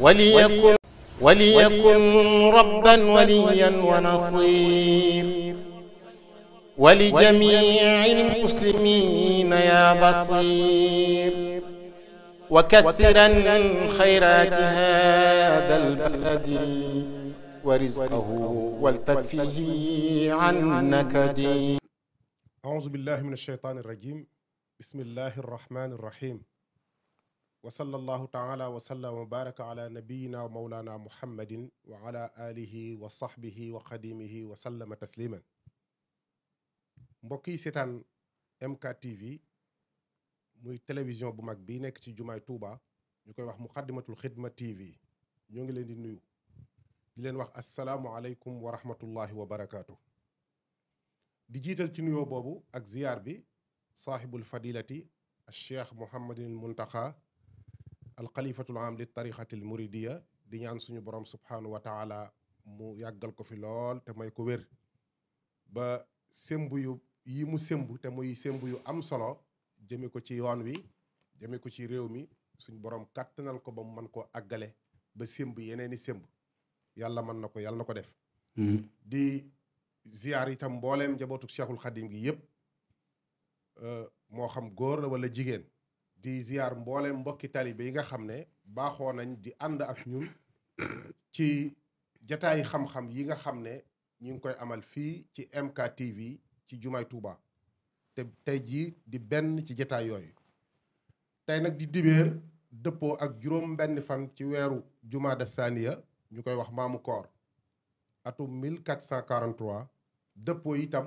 وليكن وليكن ربا وليا ونصير ولجميع المسلمين يا بصير وكثرا خيرات هذا البلد ورزقه والتكفيه عن نكد أعوذ بالله من الشيطان الرجيم بسم الله الرحمن الرحيم wa sallallahu taala wa sallam wa baraka ala nabiyina wa mawlana muhammadin wa ala alihi wa sahbihi wa qadimihi wa sallama tasliman mbokk yi seetaan muy television bu mag bi nekk ci jumaay Touba ñu koy wax muqaddimatul xidma TV ñoo ngi leen di nuyu di leen wax assalaamu aleykum wa rahmatullahi wa barakaatu di jiital ci nuyoo boobu ak ziyaar bi saaxibul fadilati al cheikh Mouhamadin Muntaxa alxalifatul am li tarixatil muridiya di ñaan suñu borom subhanahu wa taala mu yàggal ko fi lool te may ko wér ba semb yu yi mu semb te muy semb yu am solo jëme ko ci yoon wi jëme ko ci réew mi suñu borom kàttanal ko ba mu mën koo àggale ba semb yeneeni semb yàlla mën na ko yàlla na ko def mm-hmm. di ziyaar itam mbooleem njabootu cheikhul xadim gi yépp moo xam góor la wala jigéen di ziar mboole mbokki talibe yi nga xam ne baaxoo nañ di ànd ak ñun ci jataay xam-xam yi nga xam ne ñu ngi koy amal fii ci MK TV ci Jumaay Touba te tey jii di benn ci jataay yooyu tey nag di dibéer dëppoo ak juróom benn fan ci weeru Jumaada Saniya ñu koy wax maamu koor atum 1443 dëppoo itam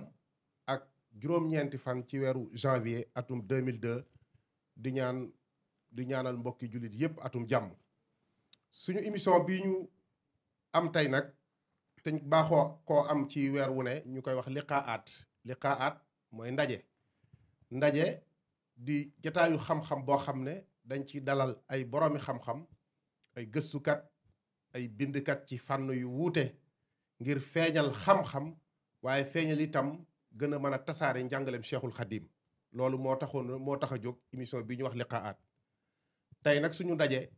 ak juróom-ñeenti fan ci weeru janvier atum 2002 di ñaan di ñaanal mbokki jullit yépp atum jàmm suñu émission bi ñu am tey nag te baaxoo koo am ci weer wu ne ñu koy wax at liqaat at mooy ndaje ndaje di jataayu xam-xam boo xam ne dañ ci dalal ay boroomi xam-xam ay gëstukat ay bindkat ci fànn yu wuute ngir feeñal xam-xam waaye feeñal itam gën a mën a tasaare njàngaleem cheikhul xadim loolu moo taxoon moo tax a jóg émission bi ñu wax liqaat tey nag suñu daje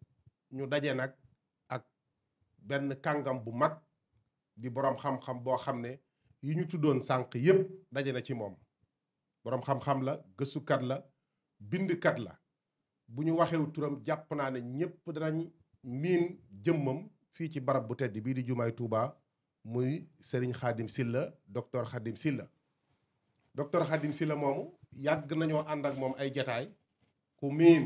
ñu daje nag ak benn kàngam bu mag di boroom xam-xam boo xam ne yi ñu tuddoon sànq yépp daje na ci moom boroom xam-xam la gëstukat la bindkat la bu ñu waxewu turam jàpp naa ne ñépp danañ miin jëmmam fii ci barab bu tedd bii di jumaay Touba muy Serigne Khadim Sylla docteur Khadim Sylla docteur Khadim Sylla moomu yàgg nañoo ànd ak moom ay jataay ku miin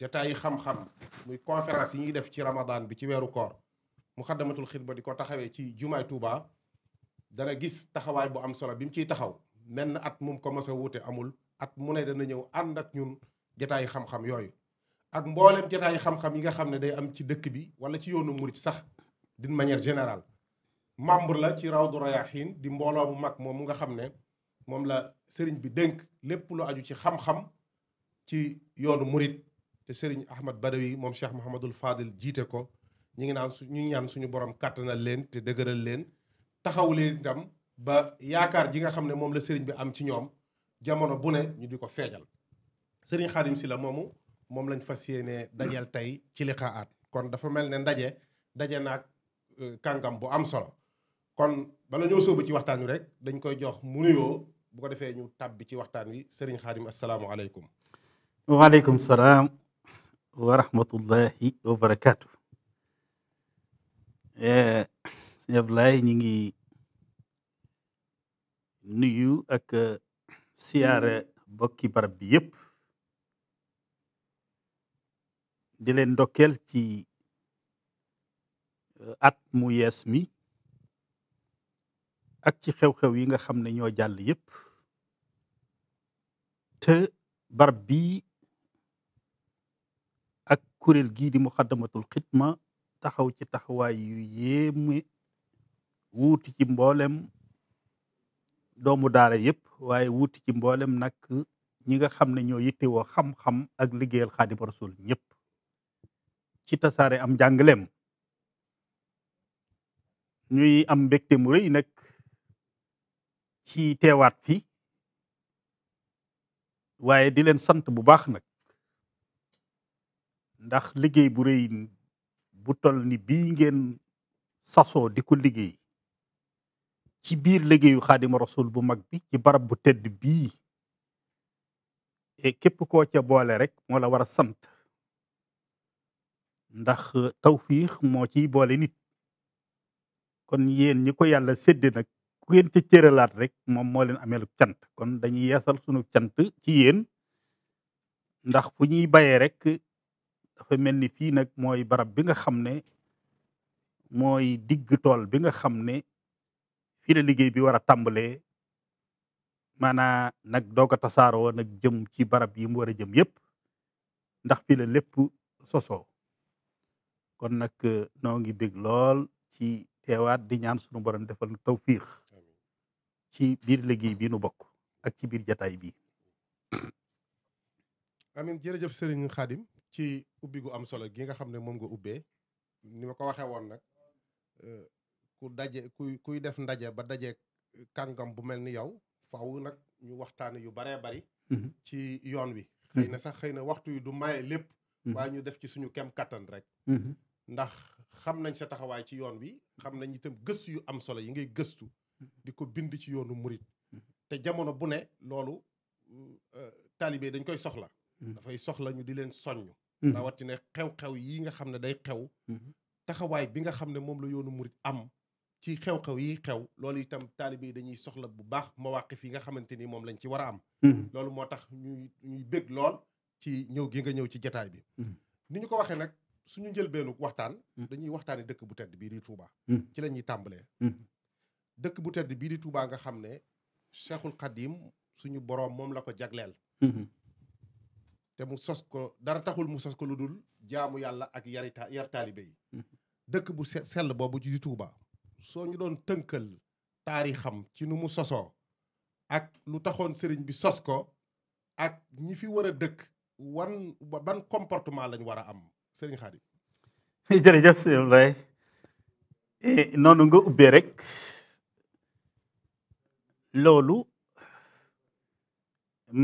jataayi xam-xam muy conférence yi ñuy def ci ramadaan bi ci weeru koor mu xaddamatul xidma di ko taxawee ci jumaay Touba dana gis taxawaay bu am solo bi mu ciy taxaw menn at mum ko mos a amul at mu ne dana ñëw ànd ak ñun jataayi xam-xam yooyu ak mboolem jataayi xam-xam yi nga xam ne day am ci dëkk bi wala ci yoonu murit sax d'une manière générale membre la ci Rawdu xiin di mbooloo mu mag moom mu nga xam ne moom la sëriñ bi dénk lépp lu aju ci xam-xam ci yoonu murit te sëriñ Ahmad Badawi moom Cheikh Mouhamadul Fadil jiite ko ñu ngi naan su ñu ñaan suñu borom kàttanal leen te dëgëral leen taxaw leen itam ba yaakaar ji nga xam ne moom la sëriñ bi am ci ñoom jamono bu ne ñu di ko feejal sëriñ Xaadim si la moomu moom lañ fas yéene dajeel tey ci liqaat kon dafa mel ne ndaje daje naag euh, kàngam bu am solo kon bala ñëw sóobu ci waxtaan wi rek dañ koy jox mu nuyoo bu ko defee ñu tàbbi ci waxtaan wi sëriñ Xaadim asalaamualeykum. waaleykum salaam wa rahmatullahi wa barakaatu. Eh, sëñ Ablaye ñu ngi nuyu ak eh, siyaare bokki barab bi yépp dilee leen ndokkeel ci eh, at mu yees mi. ak ci xew-xew yi nga xam ne ñoo jàll yépp te barab bii ak kuréel gii di muxaddamatul xidma taxaw ci taxawaay yu yéeme wuuti ci mboolem doomu daara yépp waaye wuuti ci mboolem nag ñi nga xam ne ñoo yittewoo xam-xam ak liggéeyal xaadimu ñépp ci tasaare am jàngaleem ñuy am mbégte mu rëy nag ci teewaat fi waaye di leen sant bu baax nag ndax liggéey bu rëy bu tol ni bii ngeen sasoo di ko liggéey ci biir liggéeyu xaadima rasul bu mag bi ci barab bu tedd bii e képp koo ca boole rek moo la war a sant ndax tawfiix moo ciy boole nit kon yéen ñi ko yàlla sedd nag ku ngeen ca laat rek moom moo leen ameelu cant kon dañuy yeesal sunu cant ci yéen ndax fu ñuy bayee rek dafa mel ni fii nag mooy barab bi nga xam ne mooy digg tool bi nga xam ne fii la liggéey bi war a tàmbalee maanaa nag doog a tasaaroo nag jëm ci barab yi mu war a jëm yépp ndax fii la lépp soso kon nag noo ngi bég lool ci teewaat di ñaan sunu borom defal nu tawfiix ci biir léegi bii nu bokk ak ci biir jataay bii amin jërëjëf sëriñ Xaadim ci ubbi gu am solo gi nga xam ne moom nga ubbee ni ma ko waxee woon nag euh, ku daje kuy kuy def ndaje ba daje kàngam bu mel ni yow faaw nag ñu waxtaane yu baree bari mhm. ci yoon wi mhm. xëy na sax xëy na waxtu yu du maye lépp mhm. waaye ñu def ci suñu kem kattan rek ndax xam nañ sa taxawaay ci yoon wi xam nañ itam gëstu yu am solo yi ngay gëstu di ko bind ci yoonu murit te jamono bu ne loolu euh, taalibe dañ koy soxla mm-hmm. dafay soxla ñu di leen soññ mm-hmm. rawatina xew-xew yi nga xam ne day xew mm-hmm. taxawaay bi nga xam ne moom la yoonu murit am ci xew-xew yi xew loolu itam taalibe yi dañuy soxla bu baax mawaqif yi nga xamante ni moom lañ ci war a am loolu moo tax ñuy ñuy bég lool ci ñëw gi nga ñëw ci jataay bi ni ñu ko waxee nag suñu beenu waxtaan dañuy waxtaani dëkk bu tedd bii di Touba ci la ñuy tàmbalee dëkk bu tedd bii di Touba nga xam ne Cheikhul Khadim suñu boroom moom la ko jagleel mhm. te mu sos ko dara taxul mu sos ko lu dul jaamu yàlla ak yarita yar mhm. dëkk bu sell boobu ci di Touba soo ñu doon tënkal xam ci nu mu sosoo ak lu taxoon sëriñ bi sos ko ak ñi fi war a dëkk wan ban comportement lañ war a am sëriñ Khadim eh, noonu nga ubbee rek loolu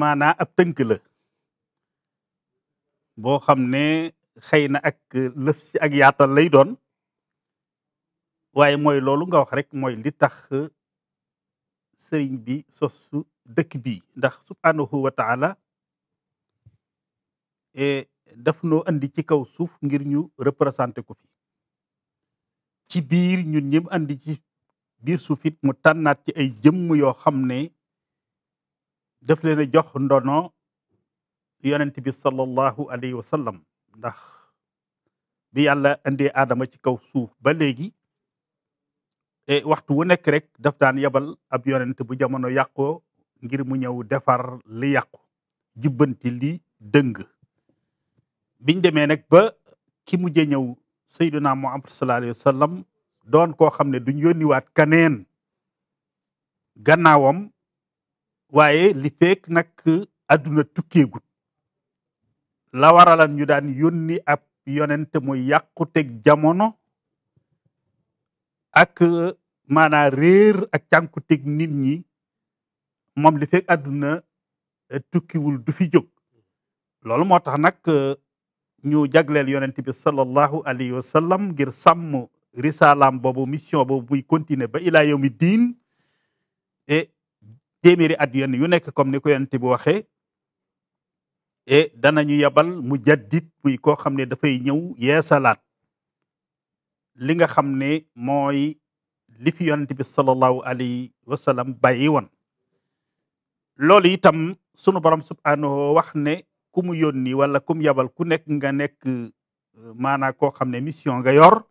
maanaa ab tënk la boo xam ne xëy na ak lëf ak yatal lay doon waaye mooy loolu nga wax rek mooy li tax sëriñ bi sos dëkk bi ndax subhanahu wa taala e, daf noo andi ci kaw suuf ngir ñu représenté ko fi ci biir ñun ñëpp andi ci biir suuf it mu tànnaat ci ay jëmm yoo xam ne def leen a jox ndono yonent bi sallallahu alayhi wa ndax bi yàlla indee aadama ci kaw suuf ba léegi e, waxtu wu nekk rek daf daan yebal ab yonent bu jamono yàqoo ngir mu ñëw defar li yàqu jubbanti li dëng biñ demee nag ba ki mujjee ñëw sayyiduna Muhammad sallallahu alayhi wa doon koo xam ne duñ yónniwaat kaneen gannaawam waaye li fekk nag adduna tukkeegut la warala ñu daan yónni ab yonente muy teg jamono ak maanaa réer ak teg nit ñi moom li fekk eh, tukkiwul du fi jóg loolu moo tax nag eh, ñu jagleel yonent bi sallallahu alayhi wa sallam ngir sàmm risalaam boobu mission boobu muy continuer ba ilaa yawmi diin et téeméeri at yenn yu nekk comme ni ko yonent bi waxee danañu yebal mu jaddit muy koo xam ne dafay ñëw yeesalaat li nga xam ne mooy li fi yonent bi sallallahu alayhi wa sallam bàyyi woon loolu itam sunu borom subhaanahu wax ne ku mu yónni wala ku yabal ku nekk nga nekk euh, maanaa koo xam ne mission nga yor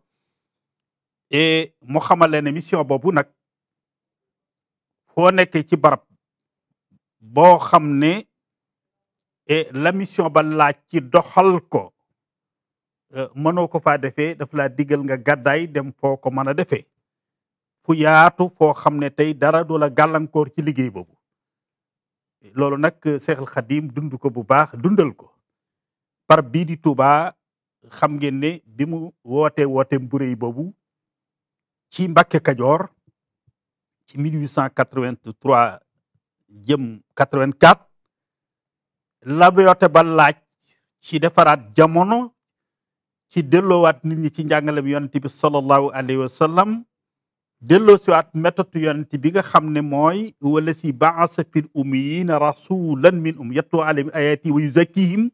et mu xamal ne mission boobu nag foo nekk ci barab boo xam ne et la mission ba laaj ci doxal ko e mënoo ko faa defee daf laa digal nga gàddaay dem foo ko mën a defee fu yaatu foo xam ne tey dara du la gàllankoor ci liggéey boobu loolu nag Seexul Xadim dund ko bu baax dundal ko par bii di Tuubaa xam ngeen ne bi mu wootee woote mbure yi boobu ci Mbàkke Kajoor ci 1883 jëm 84 Labayote ba laaj ci defaraat jamono ci delloowaat nit ñi ci njàngalem yonent bi sallallahu alayhi wa sallam delloo siwaat méthode yonent bi nga xam ne mooy wala si baasa fil ummiyina rasulan min um yatlu alayhim ayati wa yuzakkihim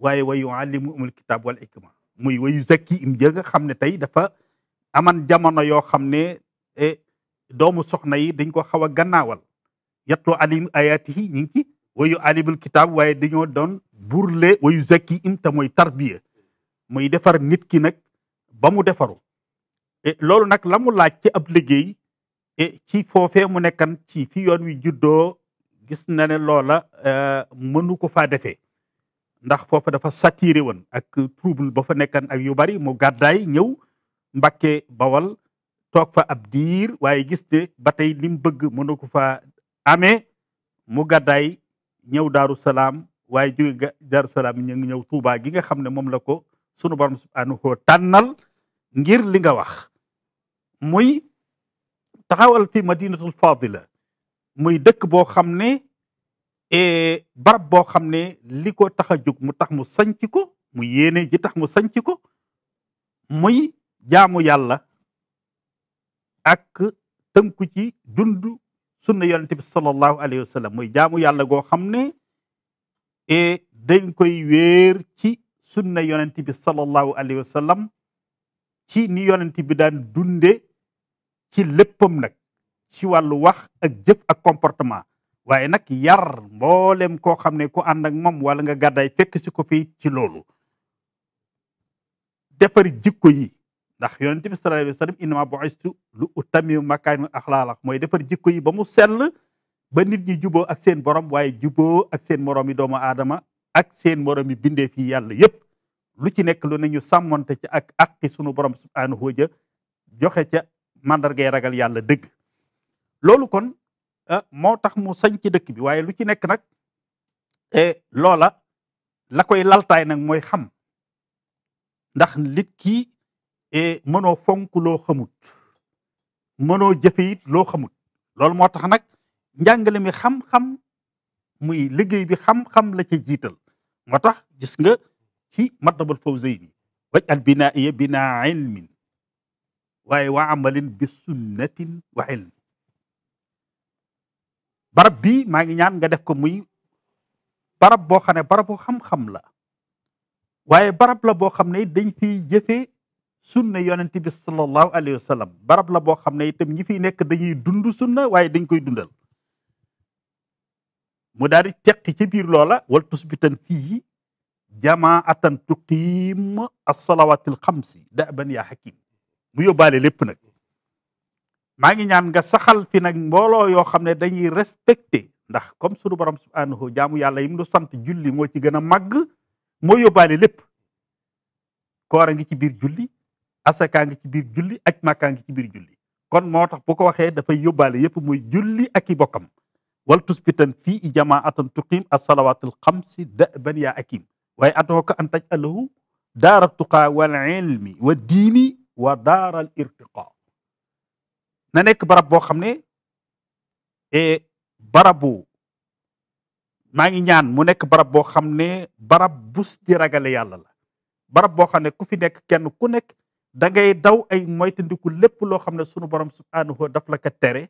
waaye wa yuallimuhumul kitab wal hikma muy wa yuzakkihim ja nga xam ne tey dafa aman jamono yoo xam ne e, doomu soxna yi dañ ko xaw a gannaawal yatlu alim ayatihi ñi ngi ci wayu alimul kitaab waaye dañoo doon burle wayu zakki im te mooy tarbiya muy defar nit ki nag ba mu defaru e, loolu nag lamu laaj ci ab liggéey e, ci foofe mu nekkan ci fi yoon wi juddoo gis na ne loola mënu ko faa defee ndax foofa dafa saturé woon ak trouble ba fa nekkan ak yu bari mu gàddaay ñëw mbakke Bawal toog fa ab diir waaye gis ne ba tey li mu bëgg mënu ko fa ame mu gàddaay ñëw Daaru Salaam waaye jóge Daaru Salaam ñu ngi ñëw Tuubaa gi nga xam ne moom la ko sunu borom subhaanahu wa tànnal ngir li nga wax muy taxawal fi madinatul fadila muy dëkk boo xam ne e, barab boo xam ne li ko tax a jóg mu tax mu sanc ko mu yéene ji tax mu sanc ko muy jaamu yàlla ak tënku ci dund sunna yonente bi sallallahu alayhi wa mooy jaamu yàlla goo xam ne e dañ koy wéer ci sunna yonente bi sallallahu alayhi wa sallam ci ni yonente bi daan dunde ci léppam nag ci wàllu wax ak jëf ak comportement waaye nag yar mboolem koo xam ne ko ànd ak moom wala nga gàddaay fekk si ko fii ci loolu defar jikko yi ndax yonent bi sallallahu alayhi wa sallam innama bu'istu lu utammima makaarimal axlaaq mooy defar jikko yi ba mu sell ba nit ñi juboo ak seen borom waaye juboo ak seen morom yi doomu aadama ak seen morom yi bindee fii yàlla yépp lu ci nekk lu ne ñu sàmmonte ci ak aqi sunu borom subhaanahu wa joxe ca mandargay ragal yàlla dëgg loolu kon ah, moo tax mu sañ ci dëkk bi waaye lu ci nekk nag e, loola la koy laltaay nag mooy xam ndax nit et mënoo fonk loo xamut mënoo jëfe loo xamut loolu moo tax nag njàngale mi xam-xam muy liggéey bi xam-xam la ci jiital moo tax gis nga ci matlabul fawzayni waj al binaa iya binaa ilmin waaye wa amalin bi sunnatin wa ilmi barab bii maa ngi ñaan nga def ko muy barab boo xam ne barabu xam-xam la waaye barab la boo xam ne dañ fiy jëfe sunna yonent bi sallallahu alayhi wa sallam barab la boo xam ne itam ñi fiy nekk dañuy dund sunna waaye dañ koy dundal mu daal di ci biir loola wal tusbitan fii jamaatan tuqiim as-salawatil xamsi da'ban yaa hakim mu yóbbaale lépp nag maa ngi ñaan nga saxal fi nag mbooloo yoo xam ne dañuy respecté ndax comme sunu borom subhanahu jaamu yàlla yim lu sant julli moo ci gën a màgg moo yóbbaale lépp koor a ngi ci biir julli asakaa ngi ci biir julli ak màkkaa ngi ci biir julli kon moo tax bu ko waxee dafa yóbbaale yépp muy julli ak i bokkam wal tusbitan fii i jamaatan tuqim assalawaatul xamsi daban yaa akim waaye atooka an taj alahu daara tuqaa wal ilmi wa diini wa daar irtiqa na nekk barab boo xam ne e, barabu maa ngi ñaan mu nekk barab boo xam ne barab yàlla la barab boo xam ne ku fi nekk kenn ku nekk da ngay daw ay moytandiku lépp loo xam ne sunu borom subhaanahu daf la tere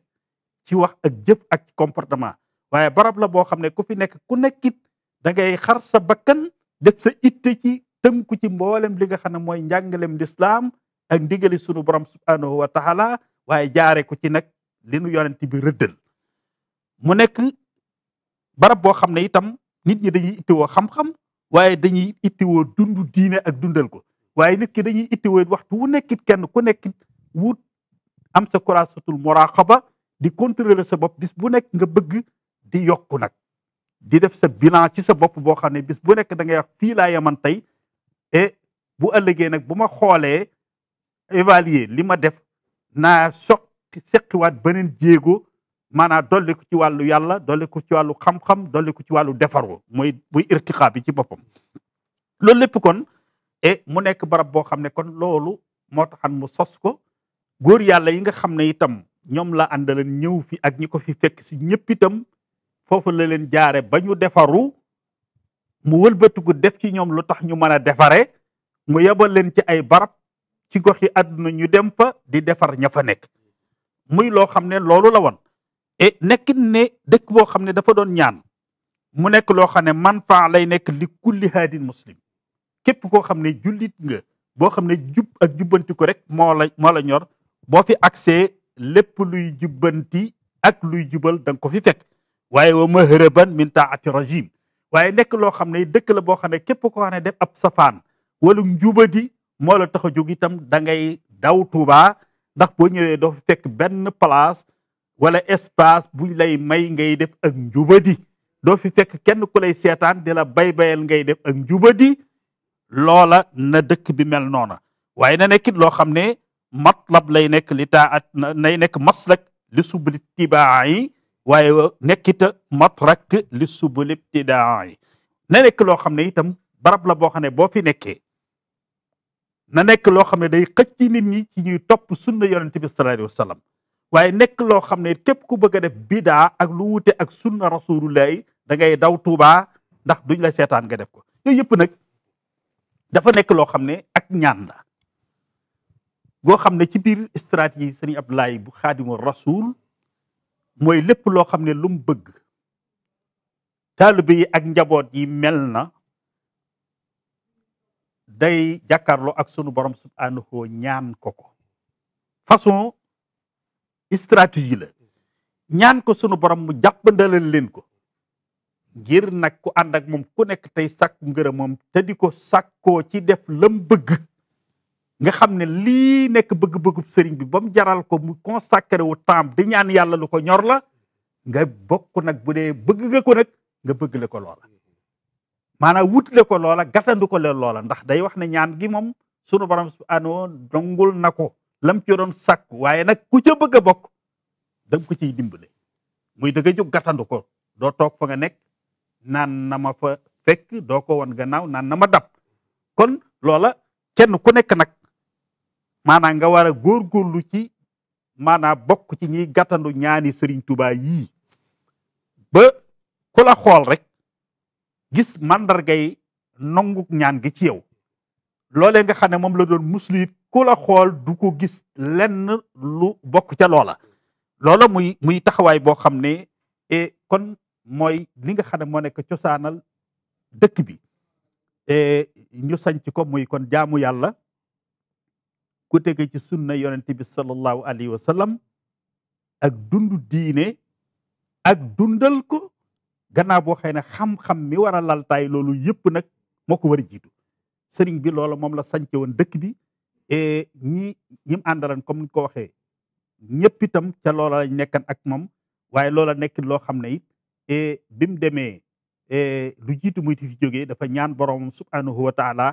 ci wax ak jëf ak ci comportement waaye barab la boo xam ne ko fi nekk ku nekkit da ngay xar sa bakkan def sa itte ci tënku ci mboolem li nga xam ne mooy njàngalem lislaam ak ndigali sunu borom subhaanahu wa taala waaye jaare ko ci nag li nu yonent bi rëddal mu nekk barab boo xam ne itam nit ñi dañuy ittewoo xam-xam waaye dañuy ittewoo dund diine ak dundal ko waaye nit ki dañuy ittiwee waxtu wu nekkit kenn ku nekkit wut am sa kuraasatul muraqaba di contrôler sa bopp bis bu nekk nga bëgg di yokku nag di def sa bilan ci sa bopp boo xam ne bis bu nekk da ngay wax fii laa yaman tey et bu ëllëgee nag bu ma xoolee évaluer li ma def naa soq seqiwaat beneen jéego maanaam dolli ko ci wàllu yàlla dolli ko ci wàllu xam-xam dolli ko ci wàllu defaru mooy muy irtiqaa bi ci boppam loolu lépp kon et mu nekk barab boo xam ne kon loolu moo taxan mu sos ko góor yàlla yi nga xam ne itam ñoom la àndaleen ñëw fi ak ñi ko fi fekk si ñëpp itam foofu la leen jaare ba ñu defaru mu wëlbatiku def ci ñoom lu tax ñu mën a defare mu yebal leen ci ay barab ci gox yi àdduna ñu dem fa di defar ña nekk muy loo xam ne loolu la woon et nekkin ne dëkk boo xam ne dafa doon ñaan mu nekk loo xam ne man faa lay nekk li kulli haadin muslim képp koo xam ne jullit nga boo xam ne jub ak jubbanti ko rek moo moo la ñor boo fi accès lépp luy jubbanti ak luy jubal dang ko fi fekk waaye wa mahraban min taati rajim waaye nekk loo xam ne dëkk la boo xam ne képp ko xam def ab safaan wala njubadi moo la tax a jóg itam da ngay daw Tuuba ndax boo ñëwee doo fi fekk benn palace wala espace buñ lay may ngay def ak njubadi doo fi fekk kenn ku lay seetaan di la bay bayal ngay def ak njubadi loola na dëkk bi mel noona waaye na nekkit loo xam ne matlab lay nekk li taat nay nekk maslak li subul tibaa yi waaye nekkita matrak li subul ibtidaa na nekk loo xam ne itam barab la boo xam ne boo fi nekkee na nekk loo xam ne day xëcc nit ñi ci ñuy topp sunna yonente bi sallallahu alayhi waaye nekk loo xam ne képp ku bëgg a def bidaa ak lu wute ak sunna rasulullahi da ngay daw tuubaa ndax duñ la seetaan nga def ko yooyu yëpp dafa nekk loo xam ne ak ñaan la goo xam ne ci biir stratégie sëriñ Abdoulaye bu xaadimu rasul mooy lépp loo xam ne lu mu bëgg taalibe yi ak njaboot yi mel na day jàkkaarloo ak sunu borom subhaanahu ñaan ko ko façon stratégie la ñaan ko sunu borom mu jàppandalal leen ko ngir nag ku ànd ak moom ku nekk tey sàkku ngërëm moom te di ko sàkkoo ci def lam bëgg nga xam ne lii nekk bëgg-bëggub sëriñ bi ba mu jaral ko mu consacré wu temps di ñaan yàlla lu ko ñor la nga bokk nag bu dee bëgg nga ko nag nga bëgg le ko loola wut wutale ko loola gàttandu ko leen loola ndax day wax ne ñaan gi moom sunu borom subhaanahu dongul na ko lam ci doon sàkku waaye nag ku ca bëgg a bokk danga ko ciy dimbale muy dëgg jóg gàttandu ko doo toog fa nga nekk naan na ma fa fekk doo ko won gannaaw naan na ma dab kon loola kenn ku nekk nag maanaam nga war a góorgóorlu ci maanaam bokk ci ñiy gàttandu ñaani sëriñ Touba yii ba ku xool rek gis mandargay nongu ñaan gi ci yow loolee nga xam ne moom la doon muslu it ku xool du ko gis lenn lu bokk ca loola loola muy muy taxawaay boo xam ne e kon mooy li nga xam ne moo nekk cosaanal dëkk bi e ñu sañc ko muy kon jaamu yàlla ku tege ci sunna yonent bi sallallahu alayhi wa sallam ak dund diine ak dundal ko gannaaw boo xëy ne xam-xam mi wara a laltaay loolu yëpp nag moo ko war a jiitu sëriñ bi loolu moom la sance woon dëkk bi et ñi ñim àndalan comme ni ko waxee ñëpp itam ca loola lañ nekkan ak moom waaye loola nekk loo xam ne it et bi mu demee e lu jiitu muy fi jógee dafa ñaan borom subhanahu wa taala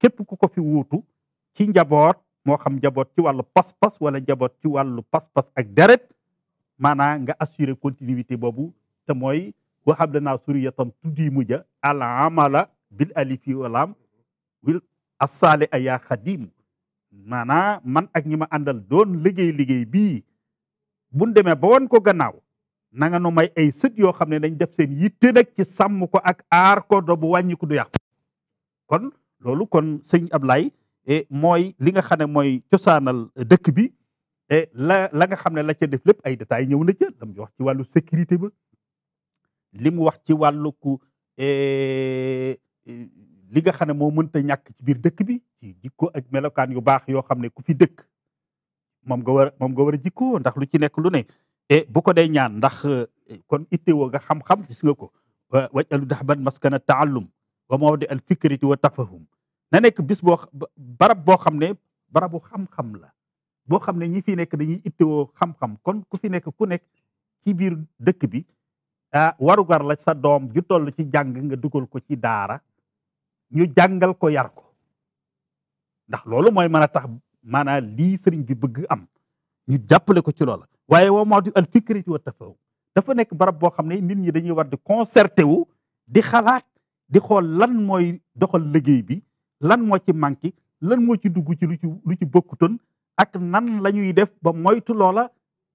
képp ku ko fi wuutu ci njaboot moo xam njaboot ci wàllu pas-pas wala njaboot ci wàllu pas-pas ak deret maanaam nga assurer continuité boobu te mooy waxab lanaa suriyatan tuddi mujja al amala bil alifi walaam wil assaale a yaa xadim man ak ñi ma àndal doon liggéey liggéey bii buñ demee ba wan ko gannaaw na nga nu may ay sët yoo xam ne dañ def seen yitte nag ci sàmm ko ak aar ko do bu wàññi du yàqu kon loolu kon sëñ Ablaye e mooy li nga xam ne mooy cosaanal dëkk bi et la la nga xam ne la ca def lépp ay détails ñëw na ca la mu wax ci wàllu sécurité ba li mu wax ci wàllu ku e, e, li nga xam ne moo mënta ñàkk ci biir dëkk bi ci jikko ak melokaan yu baax yoo xam ne ku fi dëkk moom nga war moom nga war a jikkoo ndax lu ci nekk lu ne te bu ko day ñaan ndax eh, kon ittewoo nga xam-xam gis nga ko waj alu daxban maskana taallum wa mawdi al fikriti wa tafahum na nekk bis boo barab boo xam ne barabu xam-xam la boo xam ne ñi fi nekk dañuy ittewoo xam-xam kon ku fi nekk ku nekk ci biir dëkk bi ah warugar la sa doom ju toll ci jàng nga dugal ko ci daara ñu jàngal ko yar ko ndax loolu mooy mën a tax maanaam lii sëriñ bi bëgg am ñu jàppale ko ci loola waaye wa mawdi al fikrati wa tafahum dafa nekk barab boo xam ne nit ñi dañuy war di concerté wu di xalaat di xool lan mooy doxal liggéey bi lan moo ci manqué lan moo ci dugg ci lu ci lu ci bokkutoon ak nan la ñuy def ba moytu loola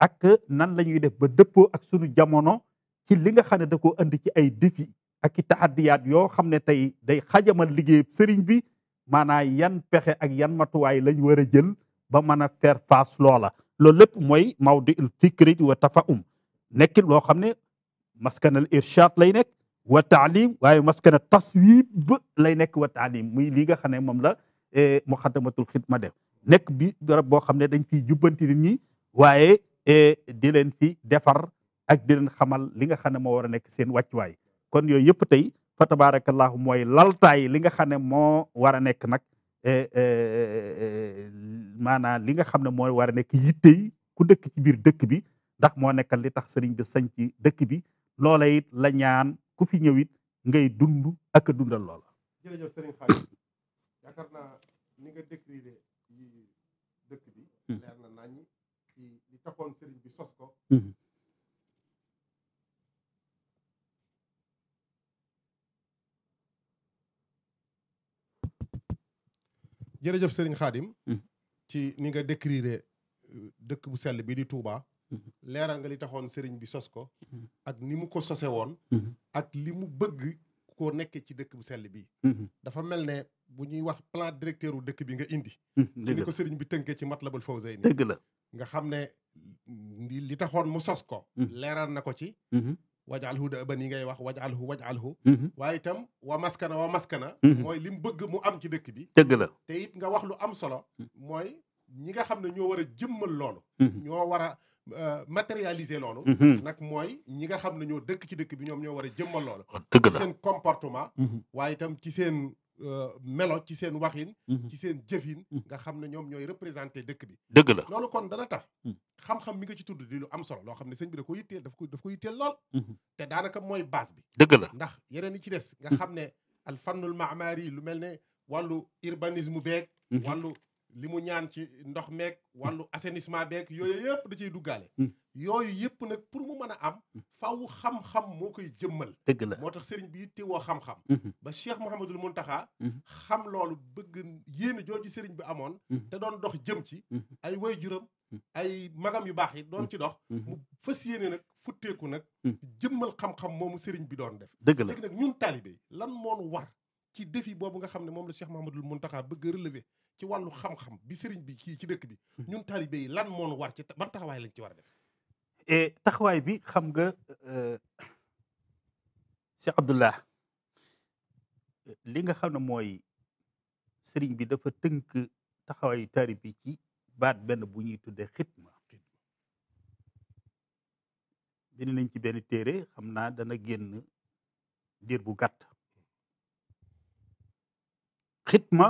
ak nan lañuy def ba dëppoo ak sunu jamono ci li nga xam ne da koo andi ci ay défi ak i taxadiyaat yoo xam ne tey day xajamal liggéey sëriñ bi maanaam yan pexe ak yan matuwaay lañ war a jël ba mën a faire face loola loolu lépp mooy mawdi il wa tafahum nekk loo xam ne maskan al irshad lay nekk wa taalim waaye maskan al taswib lay nekk wa taalim muy li nga xam ne moom la e, muxaddamatul xidma def nekk bi barab boo xam ne dañ fiy jubbanti nit ñi waaye e, di leen fi defar ak di xamal li nga xam ne moo war a nekk seen wàccuwaay kon yooyu yëpp tey fa tabarakallahu mooy laltaay li nga xam ne moo war a nekk nag E, e, e, maanaam li nga xam ne mooy war a nekk yitte ku dëkk ci biir dëkk bi ndax moo nekkal li tax sëriñ bi sañ ci dëkk bi loola it la ñaan ku fi ñëw it ngay dund ak a dundal loola. jërëjëf sëriñ Xaadim yaakaar ni nga décrire yi dëkk bi. Hmm. leer na nañ ci li taxoon sëriñ bi sos ko. Hmm. jërëjëf Serigne Khadim. Mm-hmm. ci ni nga décrire euh, dëkk bu sell bi di tuubaa mm-hmm. leeral nga li taxoon Serigne bi sos ko. Mm-hmm. ak ni mu ko sose woon. ak li mu bëgg ko nekkee ci dëkk bu sell bi dafa mel ne bu ñuy wax plan directeur dëkk bi nga indi. dëgg ni ko Serigne bi tënkee ci Matlabul Fawzayni. dëgg la nga xam ne li taxoon mu sos ko. leeral na ko ci. wajalhu dëban yi ngay wax wajalhu wajalhu mhm. waaye itam wa maskana wa maskana mhm. mooy li mu bëgg mu am ci dëkk bi dëgg la te it nga wax lu am solo mooy ñi nga xam ne ñoo war a jëmmal loolu mhm. ñoo war a euh, matérialiser loolu nag mooy ñi nga xam ne ñoo dëkk ci dëkk bi ñoom ñoo war a jëmmal loolu dëgg la ci seen comportement waaye itam Euh, melo ci seen waxin. Mhm. ci seen jëfin. Mhm. nga xam ne ñoom ñooy représenté dëkk bi. dëgg la loolu kon dana tax. Hmm. xam-xam mi nga ci tudd di lu am solo loo xam ne sëñ bi da ko yitteel daf ko daf ko yitteel lool. Mhm. te daanaka mooy baas bi. dëgg la ndax yeneen yi ci des. nga hmm. xam ne al fannul maamaari lu mel ne wàllu urbanisme beeg. wàllu li mu ñaan ci ndox meeg wàllu assainissement beeg yooyu yëpp da ciy duggaale. Mm. yooyu yëpp nag pour mu mën a am. Mm. faw xam-xam moo koy jëmmal. dëgg la moo tax sëriñ bi teewoo xam-xam. Mm-hmm. ba Cheikh Mouhamadul Mountakha. Mm-hmm. xam loolu bëgg yéene jooju sëriñ bi amoon. Mm-hmm. te doon dox jëm ci. ay waajuram ay magam yu baax yi doon ci dox. mu fas yéene nag futteeku nag. jëmmal xam-xam moomu sëriñ bi doon def. dëgg nag ñun taalibe lan moo nu war ci defi boobu nga xam ne moom la Cheikh Mouhamadul Mountakha bëgg relever. ci wàllu xam-xam bi sëriñ bi kii ci dëkk bi hmm. ñun taalibe yi lan moonu war ci ban taxawaay lañ ci war a def e taxawaay bi xam nga e, Cheikh Abdullah e, li nga xam ne mooy sëriñ bi dafa tënk taxawaayu taalibe bi ci baat benn bu ñuy tuddee xitma bind nañ ci benn téere xam naa dana génn diir bu gàtt hmm. xitma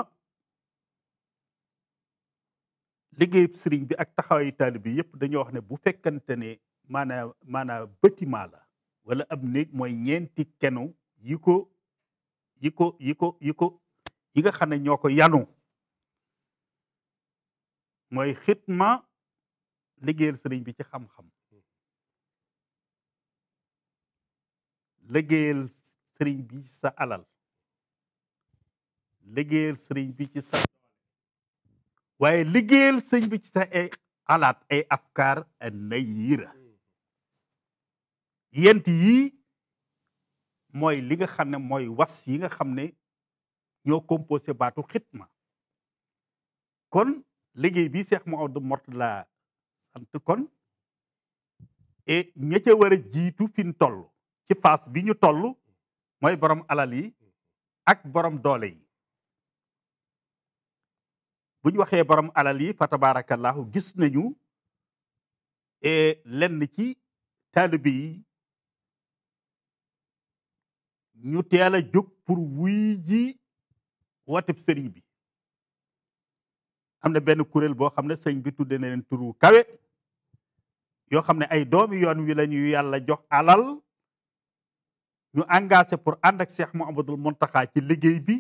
liggéeyub sëriñ bi ak taxawaayu taalibe bi yëpp dañoo wax ne bu fekkante ne maanaam maanaam bâtiment la wala ab néeg mooy ñeenti kenu yi ko yi ko yi ko yi ko yi nga xam ne ñoo ko yanu mooy xitma liggéeyal sëriñ bi ci xam-xam liggéeyal sëriñ bi sa alal liggéeyal sëriñ bi ci sa waaye liggéeyal sëñ bi ci sa ay xalaat ay afkaar na yiira mm. yent yii mooy li nga xam ne mooy was yi nga xam ne ñoo composé baatu xitma kon liggéey bi Cheikh Mouhamadou Mourtada sant kon et ña ca war a jiitu fi ñu toll ci phase bi ñu toll mooy borom alal yi mm. ak borom doole yi bu ñu waxee borom alal yi fa tabarakallahu gis nañu e, lenn ci taalibe yi ñu teel a jóg pour wuy ji wooteb sëriñ bi am na benn kuréel boo xam ne sëñ bi tudde na leen turu kawe yoo xam ne ay doomi yoon wi la ñu yàlla jox alal ñu engagé pour ànd ak Cheikh Mouhamadoul Mountakha ci liggéey bi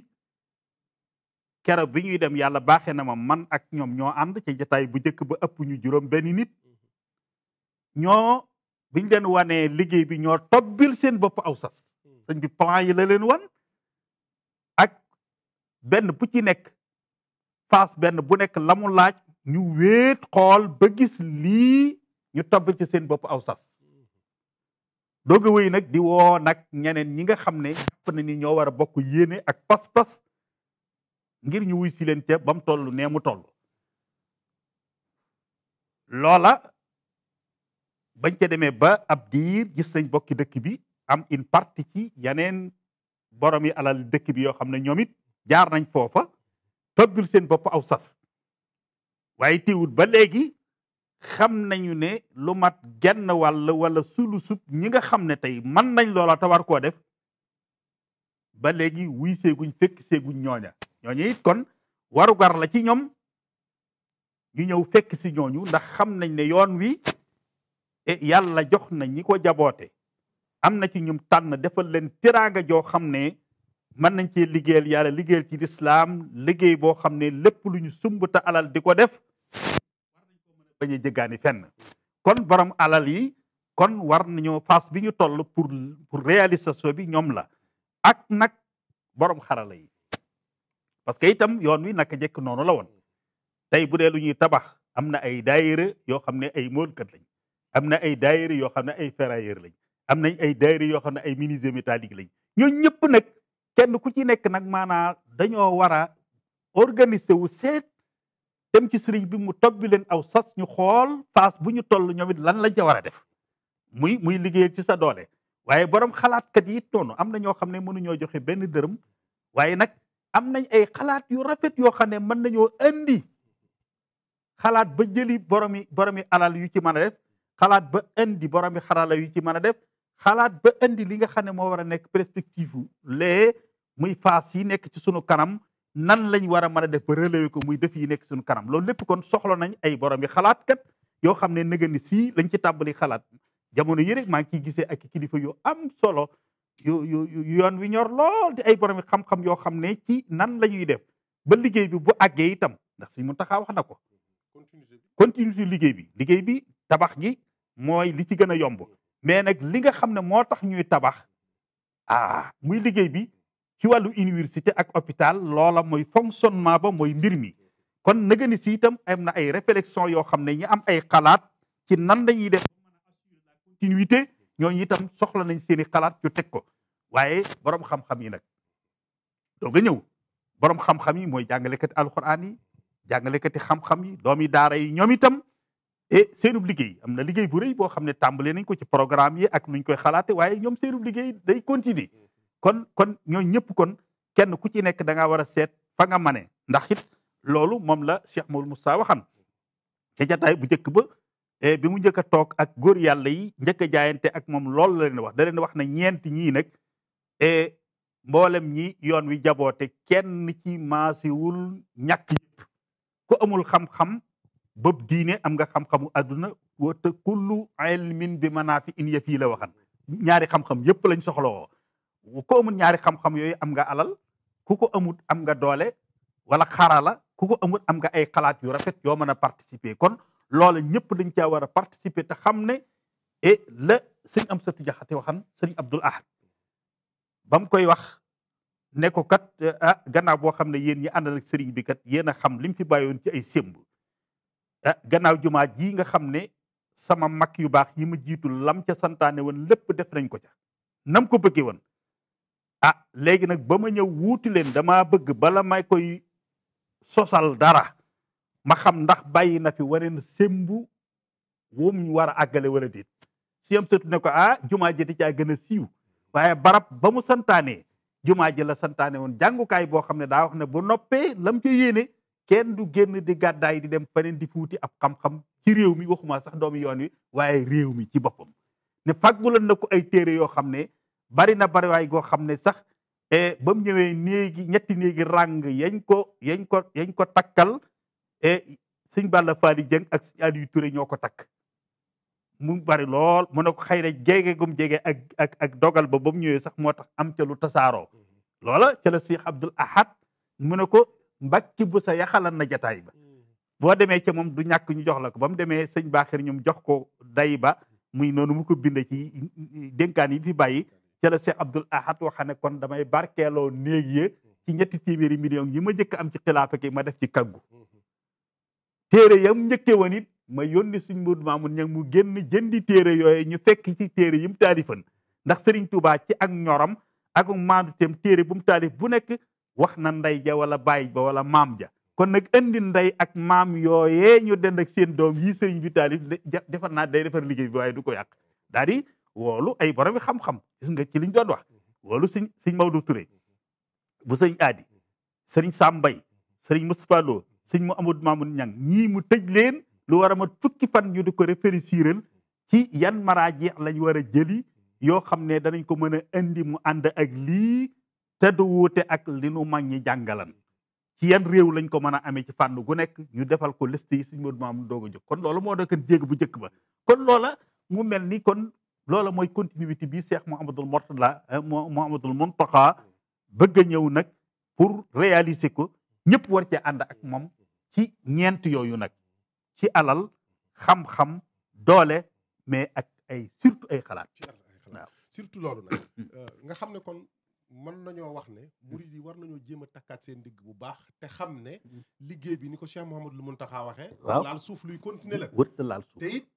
keroog bi ñuy dem yàlla baaxee na ma man ak ñoom ñoo ànd ci jataay bu jëkk ba ëpp ñu juróom benn nit ñoo biñ leen wanee liggéey bi ñoo tobbil seen bopp aw sas sëñ bi plan yi la leen wan ak benn bu ci nekk fas benn bu nekk lamu laaj ñu wéet xool ba lii ñu tobbil seen bopp aw sas doog a wéy nag di woo nag ñeneen ñi nga xam ne jàpp na ni ñoo war a bokk yéene ak pas-pas ngir ñu wuy si leen ca ba mu toll nee mu toll loola bañ ca demee ba ab diir gis nañ bokki dëkk bi am une parti ci yeneen borom yi alal dëkk bi yoo xam ne ñoom it jaar nañ foofa toggul seen bopp aw sas waaye teewut ba léegi xam nañu ne lu mat genn wàll wala sulu sub ñi nga xam ne tey mën nañ loola te war koo def ba léegi wuy seeguñ fekk seeguñ ñooña ñooñu it kon warugar la ci ñoom ñu ñëw fekk si ñooñu ndax xam nañ ne yoon wi e yàlla jox na ñi ko jaboote am na ci ñum tànn defal leen teraanga joo xam ne mën nañ cee liggéeyal yàlla liggéeyal ci lislaam liggéey boo xam ne lépp lu ñu sumb te alal di ko def war nañ ko mën a bañ a jëggaani fenn kon borom alal yi kon war nañoo phase bi ñu toll pour pour réalisation bi ñoom la ak nag borom xarala yi parce que itam yoon wi naka jekk noonu la woon tey bu dee lu ñuy tabax am na ay daayira yoo xam ne ay moolkat lañ am na ay daayira yoo xam ne ay ferrailleur lañ am nañ ay daayira yoo xam ne ay menuisier métallique lañ ñooñu ñëpp nag kenn ku ci nekk nag maanaa dañoo war a organiser wu seet dem ci sëriñ bi mu tobbi leen aw sas ñu xool phase bu ñu toll ñoom lan lañ ca war a def muy muy liggéey ci sa doole waaye borom xalaat yi yit noonu am na ñoo xam ne mënuñoo joxe benn dërëm waaye nag am nañ ay xalaat yu rafet yoo xam ne mën nañoo indi xalaat ba jëli boromi boromi alal yu ci mën a def xalaat ba indi boromi xarala yu ci mën a def xalaat ba indi li nga xam ne moo war a nekk perspective lee muy phase yi nekk ci sunu kanam nan lañ war a mën a def ba relever ko muy def yi nekk sunu kanam lool lépp kon soxla nañ ay yi xalaat kat yoo xam ne nëgëni sii lañ ci tàmbali xalaat jamono yi maa ngi ciy gisee ak kilifa yoo am solo yu yu yoon wi ñor lool te ay borom xam-xam yoo xam ne ci nan la ñuy def ba liggéey bi bu àggee itam ndax suñ mu taxaa wax na ko continuité liggéey bi liggéey bi tabax gi mooy li ci gën a yomb mais nag li nga xam ne moo tax ñuy tabax ah muy liggéey bi ci wàllu université ak hôpital loola mooy fonctionnement ba mooy mbir mi kon naga ni si itam am na ay réflexion yoo xam ne ñi am ay xalaat ci nan lañuy def continuité ñooñu itam soxla nañ seen xalaat yu teg ko waaye borom xam-xam yi nag doog a ñëw borom xam-xam yi mooy jàngalekati alxuraan yi jàngalekati xam-xam yi doomi daara yi ñoom itam et seenub liggéey am na liggéey bu rëy boo xam ne tàmbalee nañ ko ci programme yi ak nuñ koy xalaate waaye ñoom seenub liggéey day continuer kon kon ñooñu ñëpp kon kenn ku ci nekk da war a seet fa nga mane ndax it loolu moom la Cheikh Maul Moussa waxan ca Eh, bi mu njëkk a toog ak góor yàlla yi njëkk a jaayante ak moom loolu la leen wax da leen wax na ñeenti ñii nag e mboolem ñi yoon wi jaboote kenn ci maasiwul ñàkk yëpp ku amul xam-xam bëb diine am nga xam-xamu àdduna wata kullu ilmin bi manaafi in ya fii la waxan ñaari xam-xam yëpp lañ soxlawoo ku amul ñaari xam-xam yooyu am nga alal ku ko amul am nga doole wala xarala ku ko amul am nga ay xalaat yu rafet yoo mën a participer kon loola ñëpp dañ caa war a participer te xam ne et eh, la sëñ am sati jaxate waxan sëñ Abdul Ahad ba koy wax ne ko kat eh, ah gannaaw boo xam ne yéen ñi ànd ak sëriñ bi kat yéen a xam lim fi bàyyoon ci ay sémb eh, gannaaw jumaa ji nga xam ne sama mag yu baax yi ma jiitu lam ca santaane woon lépp def nañ ko ca nam ko bëggee woon ah léegi nag ba ma ñëw wuuti leen dama bëgg bala may koy sosal dara ma xam ndax bàyyi na fi waneen sembu woom ñu war a àggale wala déet siyam sëtu ne ko ah jumaa ji di caa gën a siiw waaye barab ba mu santaane jumaa ji la santaane woon jàngukaay boo xam ne daa wax ne bu noppee lam ca yéene kenn du génn di gàddaay di dem feneen di fuuti ab xam-xam ci réew mi waxuma sax doomi yoon wi waaye réew mi ci boppam ne fàggulan na ko ay téere yoo xam ne bari na bariwaay goo xam ne sax eh, ba mu ñëwee néegi ñetti néegi ràng yañ ko yañ ko yañ ko takkal te Balla Fally Dieng ak sëñ Aliou Touré ñoo ko takk mu bari lool mu ne ko xëy na jege gum jege ak ak dogal ba ba mu ñëwee sax moo tax am ca lu tasaaroo mm-hmm. loola ca la Cheikh Abdoul Ahad mu ne ko mbàkki bu sa yaxalan na jataay ba mm-hmm. boo demee ca moom du ñàkk ñu jox la ko ba mu demee sëñ Baaxir ñoom jox ko day ba muy noonu mu ko bindee ci dénkaan yi fi bàyyi ca la Cheikh Abdoul Ahad waxa ne kon damay barkeeloo néeg yi ci ñetti téeméeri million yi ma njëkk am ci xilaafa ki ma def ci kaggu mm-hmm. téere yam njëkke woon it ma yónni suñ Moodu Maamun ñang mu génn jëndi téere yooyu ñu fekk ci téere yi mu taalifan ndax Serigne Touba ci ak ñoram ak maandu tem téere bu mu taalif bu nekk wax na ndey ja wala baay ba wala maam ja kon nag andi ndey ak maam yooyee ñu dend ak seen doom yi sëriñ bi taalif defar naa day defar liggéey bi waaye du ko yàq daal di woolu ay borom xam-xam gis nga ci liñ doon wax woolu sëñ sëñ Maodo Touré bu sëñ Aadi sëriñ mbay sëriñ Moustapha Lo sëñ mu amut Mamoun Niang ñii mu tëj leen lu war a mat fukki fan ñu di ko référisiral ci yan maraaji lañ war a jëli yoo xam ne danañ ko mën a indi mu ànd ak lii te du wuute ak li nu mag ñi jàngalan ci yan réew lañ ko mën a amee ci fànn gu nekk ñu defal ko liste yi sëñ Modou Mamoun doog a jóg kon loola moo doon jéeg bu njëkk ba kon loola mu mel ni kon loola mooy continuité bi seex Cheikh Mouhamadoul Mourtada Mouhamadoul Mountakha bëgg a ñëw nag pour réaliser ko ñëpp war cee ànd ak moom ci ñeent yooyu nag ci alal xam-xam doole mais ak ay surtout ay xalaat waaw surtout loolu nag euh, nga xam ne kon mën nañoo wax ne murid yi war nañoo jéem a takkaat seen digg bu baax te xam ne liggéey bi ni ko Cheikh Mouhamadou Mountakha waxee waaw laal suuf luy continuer la wër laal suuf te it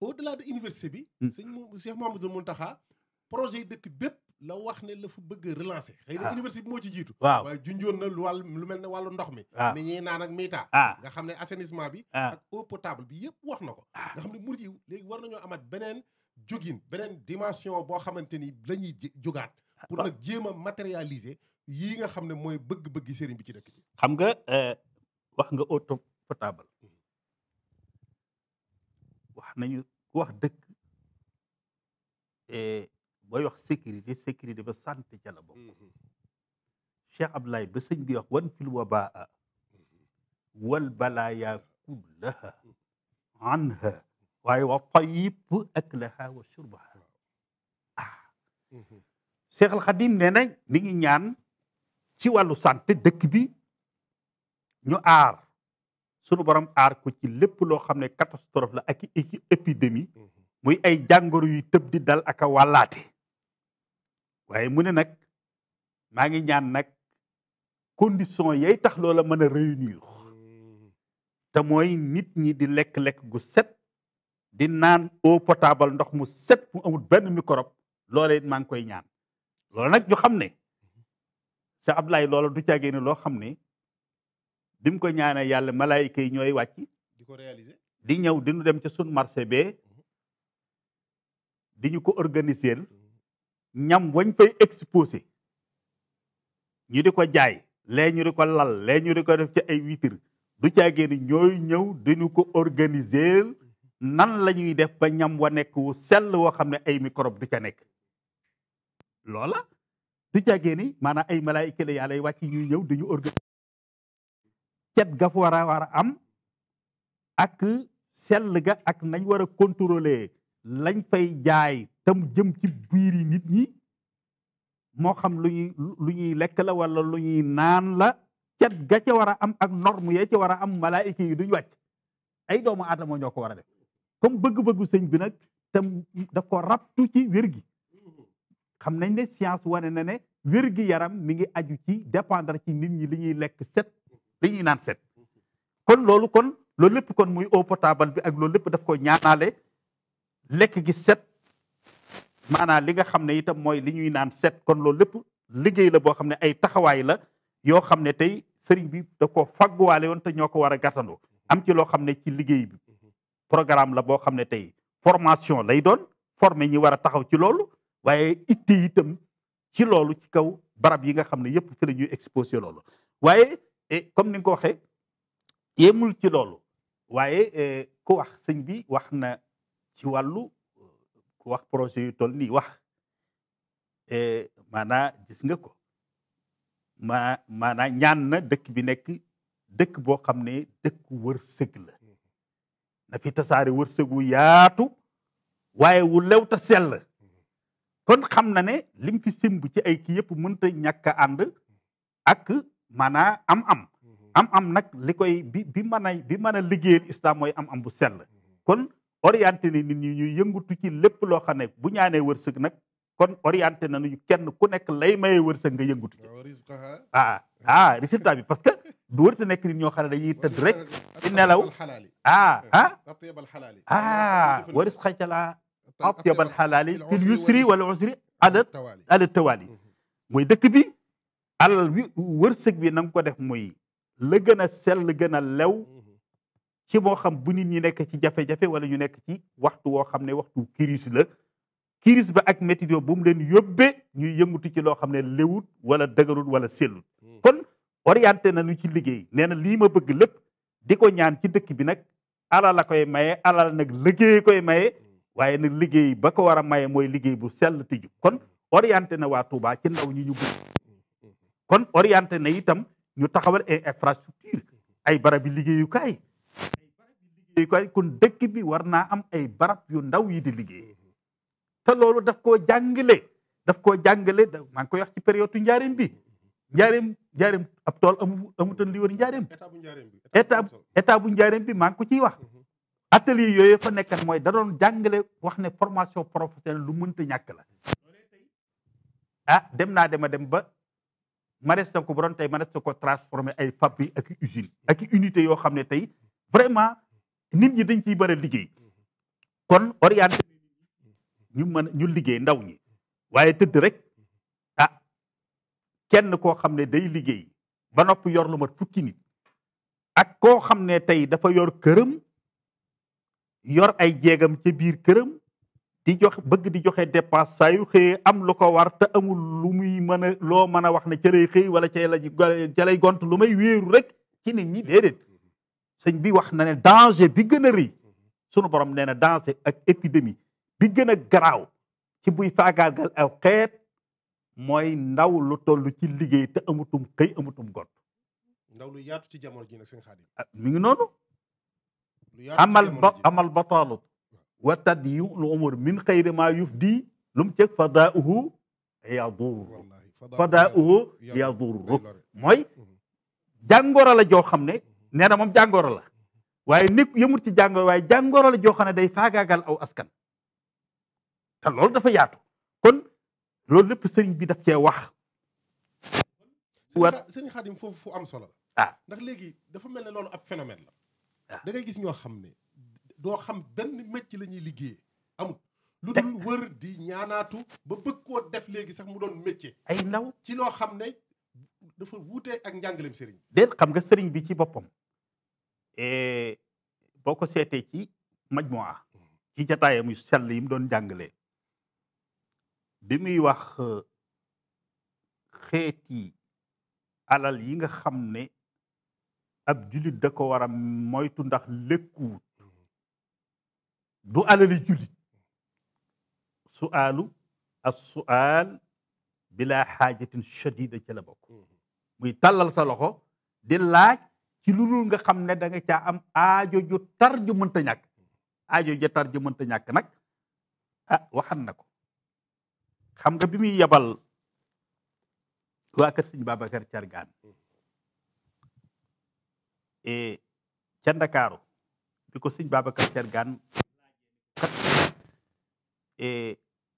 au delà de université bi hmm. sëñ Cheikh Mouhamadou Mountakha projet yi dëkk bépp la wax ne la fa bëgg a relancer. xëy ah. moo ci jiitu. waaw waaye na lu wàll lu mel ne wàllu ndox mi. waaw ah. mi ñuy naan ak miita. Ah. nga xam ne assainissement bi. ak eau potable bi yëpp wax na ko. nga xam ne murid yi léegi war nañoo amat beneen jógin beneen dimention boo xamante ni la ñuy jógaat. pour nag jéem a matérialiser yii nga xam ne mooy bëgg-bëggi sëriñ bi ci dëkk yi xam nga euh, wax nga eau potable mm-hmm. wax nañu wax dëkk. booy wax sécurité sécurité ba santé ca la bokk mmh Cheikh Abdoulaye ba sëñ bi wax wan fil mmh wal balaaya kullaha mmh anha waaye wa tayib aklaha wa shurbaha ah. na mi ngi ñaan ci wàllu santé dëkk bi ñu aar sunu borom aar ko ci lépp loo xam ne catastrophe la ak i muy ay jàngoro yu tëb di dal ak a waaye mu ne nag maa ngi ñaan nag condition yeey tax loola mën a réunir mm. te mooy nit ñi di lekk-lekk gu set di naan eau potable ndox mu set mu amul benn microbe loola it maa ngi koy ñaan loolu nag ñu xam ne sa Ablaay loola du caagee ne loo xam ne bi mu ko ñaanee yàlla malaayika yi ñooy wàcc di ko réaliser di ñëw di dem ca sun marché be mm-hmm. di ñu ko organiser ñam wañ fay exposé ñu di ko jaay lee ñu di ko lal lee ñu di ko def ci ay vitre du caagee ni ñooy ñëw dañu ko organiser nan lañuy def ba ñam wa nekk wu sell woo xam ne ay microbe du ca nekk loola du caagee ni maanaam ay malaayika la yàlla wàcc ñuy ñëw dañu organiser cet ga fa war a war a am ak sell ga ak nañ war a contrôler lañ fay jaay tam jëm ci biir nit ñi moo xam lu ñuy lu ñuy lekk la wala lu ñuy naan la cat ga ca war a am ak norme yee ca war a am malaayika yi duñ wàcc ay doomu aadama ñoo ko war a def comme bëgg-bëggu sëñ bi nag tam daf ko rabtu ci wér gi xam nañ ne science wane na ne wér yaram mi ngi aju ci dépendre ci nit ñi li ñuy lekk set li ñuy naan set kon loolu kon loolu lépp kon muy eau potable bi ak loolu lépp daf ko ñaanaale lekk gi set maanaam li nga xam ne itam mooy li ñuy naan set kon loolu lépp liggéey la boo xam ne ay taxawaay la yoo xam ne tey sëriñ bi da ko fagguwaale woon te ñoo ko war a gàttandoo am ci loo xam ne ci liggéey bi la boo xam ne tey formation lay doon former ñi war a taxaw ci loolu waaye itte itam ci loolu ci kaw barab yi nga xam ne yëpp fi exposé loolu waaye eh, comme ni nga ko waxee yemul ci loolu waaye eh, ku wax sëñ bi wax na ci wàllu wax projet yu toll ni wax e maanaa gis nga ko ma maanaa ñaan na dëkk bi nekk dëkk boo xam ne dëkk wërsëg la mm-hmm. na fi tasaare wërsëg wu yaatu waaye wu lew ta sell mm-hmm. kon xam na ne lim fi simb ci ay kii yëpp mënta ñàkk a ànd mm-hmm. ak maanaa am-am am-am nag li koy bi bi mën a bi mën a liggéeyal islam mooy am-am bu sell kon orienté ni nit ñi ñuy yëngutu ci lépp loo xam ne bu ñaanee wërsëg nag kon orienté ñu kenn ku nekk lay mayee wërsëg nga yëngutu ci ah. ah ah résultat bi parce que du wërta nekk nit ñoo xam ne dañuy tëdd rek di nelaw ah ah ah waris xacala atyabal xalaali fil yusri wala usri ala ala tawaali mhm. mooy dëkk bi alal wi wërsëg bi na ko def muy la gën a sell gën a lew mhm. ci moo xam bu nit ñi nekk ci jafe-jafe wala ñu nekk ci waxtu woo xam ne waxtu crise la kiris ba ak métit yo bu mu leen yóbbee ñuy yëngutu ci loo xam ne léwut wala dëgërut wala sellut hmm. kon orienté nañu ci liggéey nee na lii ma bëgg lépp di ko ñaan ci dëkk bi nag alal koy maye alal nag liggéey koy maye hmm. waaye nag liggéey ba ko war a maye mooy liggéey bu sell tiju kon hmm. orienté na waa Touba ci ndaw ñi ñu bëgg kon orienté na itam ñu taxawal ay infrastructure ay barabi liggéeyukaay liggéeyukaay kon dëkk bi war naa am ay barab yu ndaw yi di liggéey te loolu daf koo jàngale daf koo jàngale da maa ngi koy wax ci période njaarim bi njaarim njaarim ab tool amu amutoon li wër njaarim état état bu njaarim bi maa ngi ko ciy wax mhm. atelier yooyu fa nekkat mooy da doon jàngale wax ne formation professionnelle lu mënta ñàkk la ah dem naa dema dem ba mares na ko borom tey mares na ko transformé ay fabri ak usine ak unité yoo xam ne tey vraiment nit ñi dañ ciy bëri liggéey kon orienté ñu mën ñu liggéey ndaw ñi waaye tëdd rek ah kenn koo xam ne day liggéey ba nopp yor lu mat fukki nit ak koo xam ne tey dafa yor këram yor ay jéegam ci biir këram di jox bëgg di joxe dépense saa yu xëyee am lu ko war te amul lu muy mën a loo mën a wax ne ca lay xëy wala ca lay ca lay gont lu may wéeru rek ci nit ñi déedéet sëñ bi wax na ne danger bi gën a rëy sunu borom nee na danger ak épidémie bi gën a garaaw ci buy faagaagal aw xeet mooy ndaw lu toll ci liggéey te amutum xëy amutum gont ndaw lu yaatu ci jamono ji nag ah, mi ngi noonu amal ba amal bataalut wa lu umur min xayri maa yuf lu mu ceg fadaauhu yadurru fadaauhu yadurru mooy mhm. jàngoro la joo xam ne mhm. nee na moom jàngoro la waaye nekk yëmut ci jàngoro waaye jàngoro la joo xam ne day faagaagal aw askan te loolu dafa yaatu kon loolu lépp sëriñ bi daf cee wax. wat sëriñ Xaadim foofu fu am solo la. ah ndax léegi dafa mel ne loolu ab phénomène la. Ah. da gis ñoo xam ne doo xam benn mecc lañuy ñuy liggéeyee amul. lu dul wër di ñaanaatu ba bëgg koo def léegi sax mu doon métier. ay ndaw ci loo xam ne dafa wuute ak njàngaleem sëriñ. déet xam nga sëriñ bi ci boppam. E, boo ko seetee ci majmuwa ci jataayam yu sell yi mu doon jàngalee di muy wax e, xeeti alal yi nga xam ne ab jullit da ko war a moytu ndax lekkuwut du alali jullit su'aalu as su'aal bila xaajatin shadida ca la bokk mm-hmm. muy tàllal sa loxo laaj ci lu dul nga xam ne da nga caa am aajo ju tar ju mënta ñàkk aajo ju tar ju ñàkk nag ah waxan na ko xam nga bi muy yebal waa kër Sëñ Babacar Cargaan e, ca Ndakaaru bi ko Sëñ Babacar Cargaan kat e,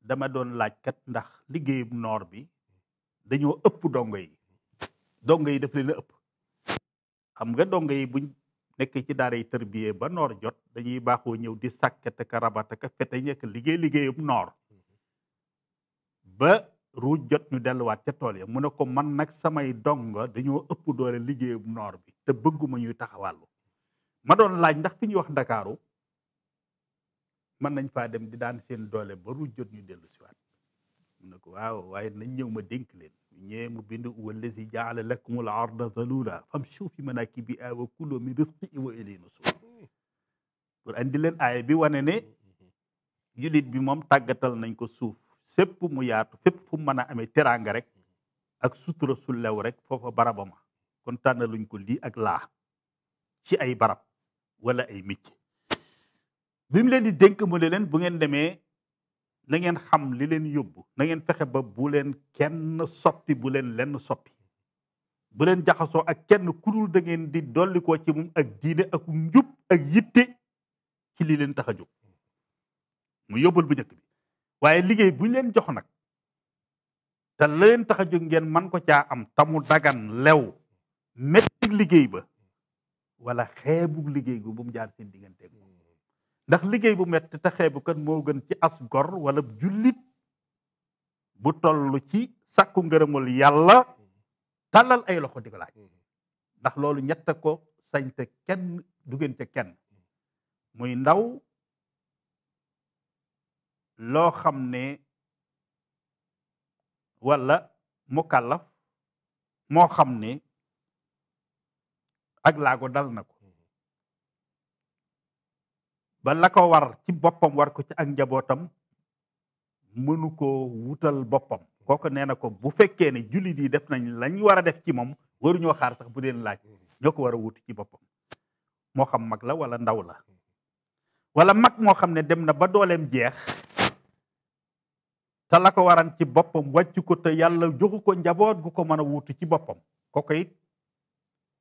dama doon laaj kat ndax liggéey noor bi dañoo ëpp dongo yi dongo yi daf leen a ëpp xam nga dongo yi buñ nekk ci daara yi tërbiyee ba noor jot dañuy baaxoo ñëw di sàkket ak rabat ak fete ñekk liggéey liggéeyum noor mm-hmm. ba ruuj jot ñu delluwaat ca tool ya mu ne ko man nag samay dongo dañoo ëpp doole liggéeyum noor bi te bëgguma ñuy taxawàllu ma doon laaj ndax fi ñuy wax ndakaaru mën nañ faa dem di daan seen doole ba ruuj jot ñu dellusiwaat siwaat mu ne ko waaw waaye nañ ñëw ma dénk leen ñee mu bind wallazi jaala lakum al arda zalula famshu fi manakibiha wa kulu min rizqihi wa ilayhi nusur pour andi leen aaya bi wane ne julit bi moom tàggatal nañ ko suuf fépp mu yaatu fépp fum mën a amee teraanga rek ak sutura su lew rek foofa barabama kon luñ ko lii ak laa ci ay barab wala ay micc bi leen di dénk mu leen bu ngeen na ngeen xam li leen yóbbu nangeen ngeen fexe ba bu leen kenn soppi bu leen lenn soppi bu leen jaxasoo ak kenn kudul da ngeen di dollikoo ci moom ak diine ak njub ak yitte ci li leen tax a jóg mu yóbbal bu njëkk bi waaye liggéey bu ñu leen jox nag ta la leen tax a jóg ngeen man ko caa am tamu dagan lew métti liggéey ba wala xeebug liggéey gu bu mu jaar seen digganteeg moom ndax liggéey bu metti te xeebu kan moo gën ci as gor wala jullit bu toll ci sakku ngërëmul yàlla tàllal ay loxo di laaj ndax loolu ñett ko sañte kenn duggante kenn muy ndaw loo xam ne wala mukallaf moo xam ne ak laago dal na ko ba la ko war ci boppam war ko ci ak njabootam mënu ko wutal boppam kooku nee na ko bu fekkee ne jullit yi def nañ lañ war a def ci moom waruñoo xaar sax bu deen laaj ñoo ko war a wuti ci boppam moo xam mag la wala ndaw la wala mag moo xam ne dem na ba dooleem jeex ta la ko waran ci boppam wàcc ko te yàlla joxu ko njaboot gu ko mën a wutu ci boppam kooku it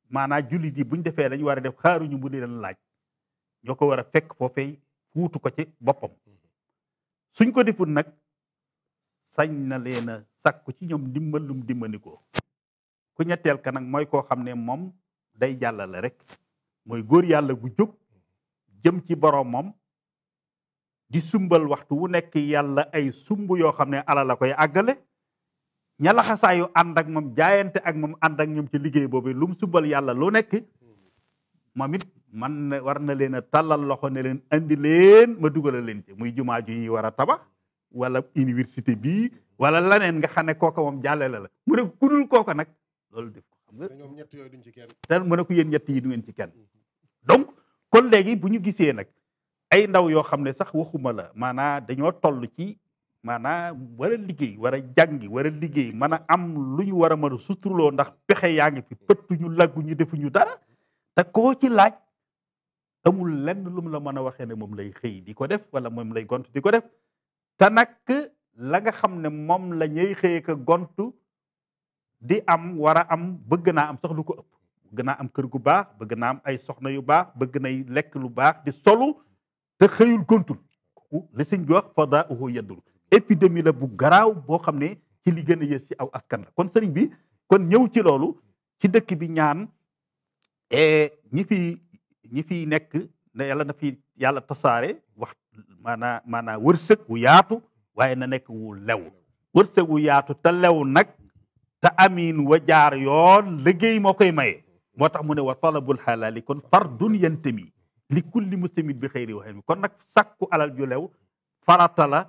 maanaam jullit yi buñ defee lañ war a def xaaruñu bu deen laaj ñoo ko war a foo foofee wuutu ko ci boppam suñ ko deful nag sañ na leena a sàkku ci ñoom dimbalum ko ku ñetteel ka nag mooy koo xam ne moom day jàllale rek mooy góor yàlla gu jóg jëm ci boroom moom di sumbal waxtu wu nekk yàlla ay sumb yoo xam ne ala la koy àggale ña laxasaayu ànd ak moom jaayante ak moom ànd ak ñoom ci liggéey boobu lu sumbal yàlla lu nekk moom it man na war na leen a tàllal loxo ne leen andi leen ma dugal leen ci muy jumaa ju ñuy war a tabax wala université bii wala laneen nga xam ne kooka moom jàlle la la mu ne ku dul kooka nag loolu def ko xam nga ñoom ñett yooyu duñ ci kenn te ne ko yéen ñett yi du ngeen ci kenn donc kon léegi bu ñu gisee nag ay ndaw yoo xam ne sax waxuma la maanaa dañoo toll ci maanaa war liggéey war a jàngi war a liggéey mën a am lu ñu war a mën a suturloo ndax pexe yaa ngi fi pëttuñu defu defuñu dara te koo ci laaj amul lenn lu la mën a waxee ne moom lay xëy di ko def wala moom lay gont di ko def te nag la nga xam ne moom la ñuy xëyee ka gontu di am war a am bëgg naa am sax lu ko ëpp bëgg naa am kër gu baax bëgg naa am ay soxna yu baax bëgg nay lekk lu baax di solu te xëyul gontul li sëñ bi wax fada uhu yeddul épidémie la bu garaaw boo xam ne ci li gën a ci aw askan la kon sëriñ bi kon ñëw ci loolu ci dëkk bi ñaan E ñi fi ñi nekk ne yàlla na yàlla tasaare wax maanaa maanaa wërsëg wu yaatu waaye na nekk wu lew wërsëg wu yaatu te lew nag te amin wa jaar yoon liggéey moo koy maye moo tax mu ne wa talabul xalaali kon fardun yantami li kulli muslimin bi xëyri waxee kon nag sakku alal ju lew farata la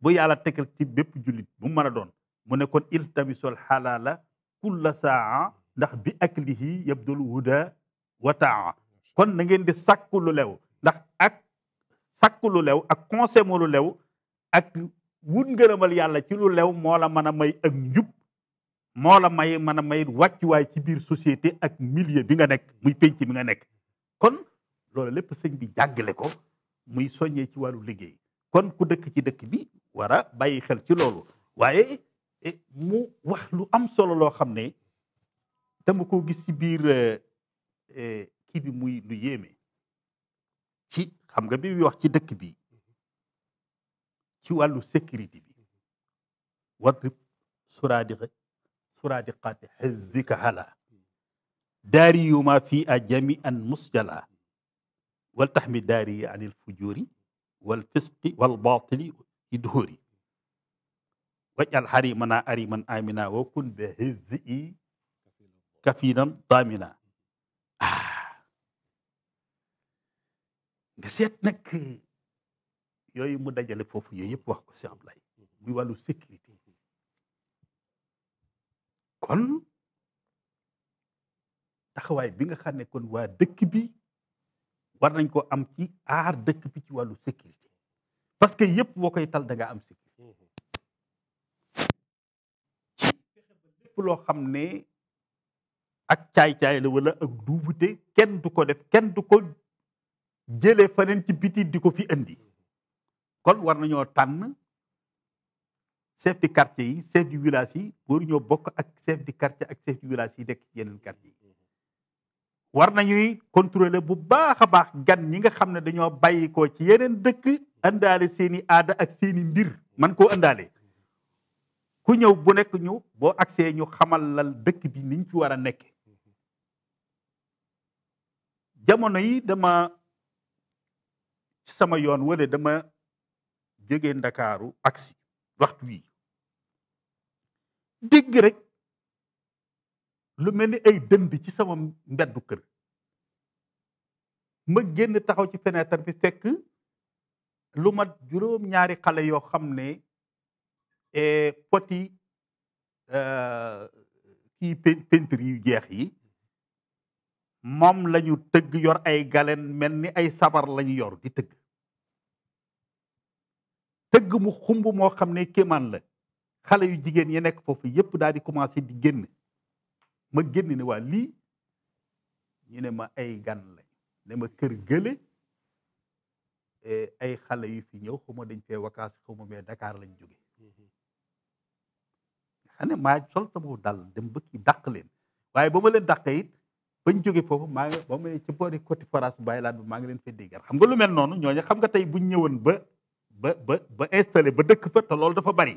bu yàlla tegal ci bépp jullit bu mën doon mu kon iltamisul xalaala kulla saa ndax bi aklihi yabdul huda wa taa kon na ngeen di sàkku lu lew ndax ak sàkku lu lew ak consommé lu lew ak wut ngërëmal yàlla ci lu lew moo la mën a may ak njub moo la may mën a may wàccuwaay ci biir société ak milieu bi nga nekk muy penc bi nga nekk kon loolu lépp sëñ bi jàngale ko muy soññee ci wàllu liggéey kon ku dëkk ci dëkk bi war a bàyyi xel ci loolu waaye eh, mu wax lu am solo loo xam ne dama ko gis ci biir euh, euh, kii bi muy lu yéeme ci xam nga bi wax ci dëkk bi ci wàllu sécurité bi wadrib suraadi suraadiqaati xizbika hala daariyuma fi a jamian musjala wal taxmi daariyi an il wal fisqi wal baatili i duhuri wajal xarimana ariman amina wa kun bi hizzi kafiinam damina ah. nga seet nag eh, yooyu mu dajale foofu yooyu yëpp wax ko si am lay muy wàllu sécurité kon taxawaay bi nga xam ne kon waa dëkk bi war nañ ko am ci aar dëkk bi ci wàllu sécurité parce que yëpp boo koy tal da am sécurité ci fexe lépp loo xam ne ak caay-caay la wala ak duubute kenn du ko def kenn du ko jëlee faneen ci biti di ko fi indi kon war nañoo tànn chef de yi chef du yi pour ñoo bokk ak chef de quartier ak chef du village yi nekk ci yeneen quartier yi war nañuy contrôler bu baax a baax gan ñi nga xam ne dañoo bàyyi ko ci yeneen dëkk andaale seeni aada ak seeni mbir man koo andaale ku ñëw bu nekk ñu boo agsee ñu xamal lal dëkk bi niñ fi war a nekke jamono yi dama sama yoon wale dama jóge ndakaaru aksi waxtu wi dégg rek lu mel ni ay dënd ci sama mbeddu kër ma génn taxaw ci fenêtre bi fekk lu mat juróom-ñaari xale yoo xam ne eh, poti euh, kii peinture yu jeex yi moom lañu tëgg yor ay galen mel ni ay sabar lañu yor di tëgg tëgg mu xumb moo xam ne kéemaan la xale yu jigéen yi nekk foofu yépp daal di commencé di génn ma génn ne waa lii ñu ne ma ay gan lañ ne ma kër gële e ay xale yu fi ñëw xuma dañ fee vacances xuma mais dakaar lañ jóge mhm. xam ne maa sol sama dal dem ba kii dàq leen waaye ba ma leen dàq it bañ jóge foofu maa ngi ba may ci boori côté forage bàyyi laat bi maa ngi leen fay déggal xam nga lu mel noonu ñooñu xam nga tey buñ ñëwoon ba ba ba ba installé ba dëkk fa te loolu dafa bari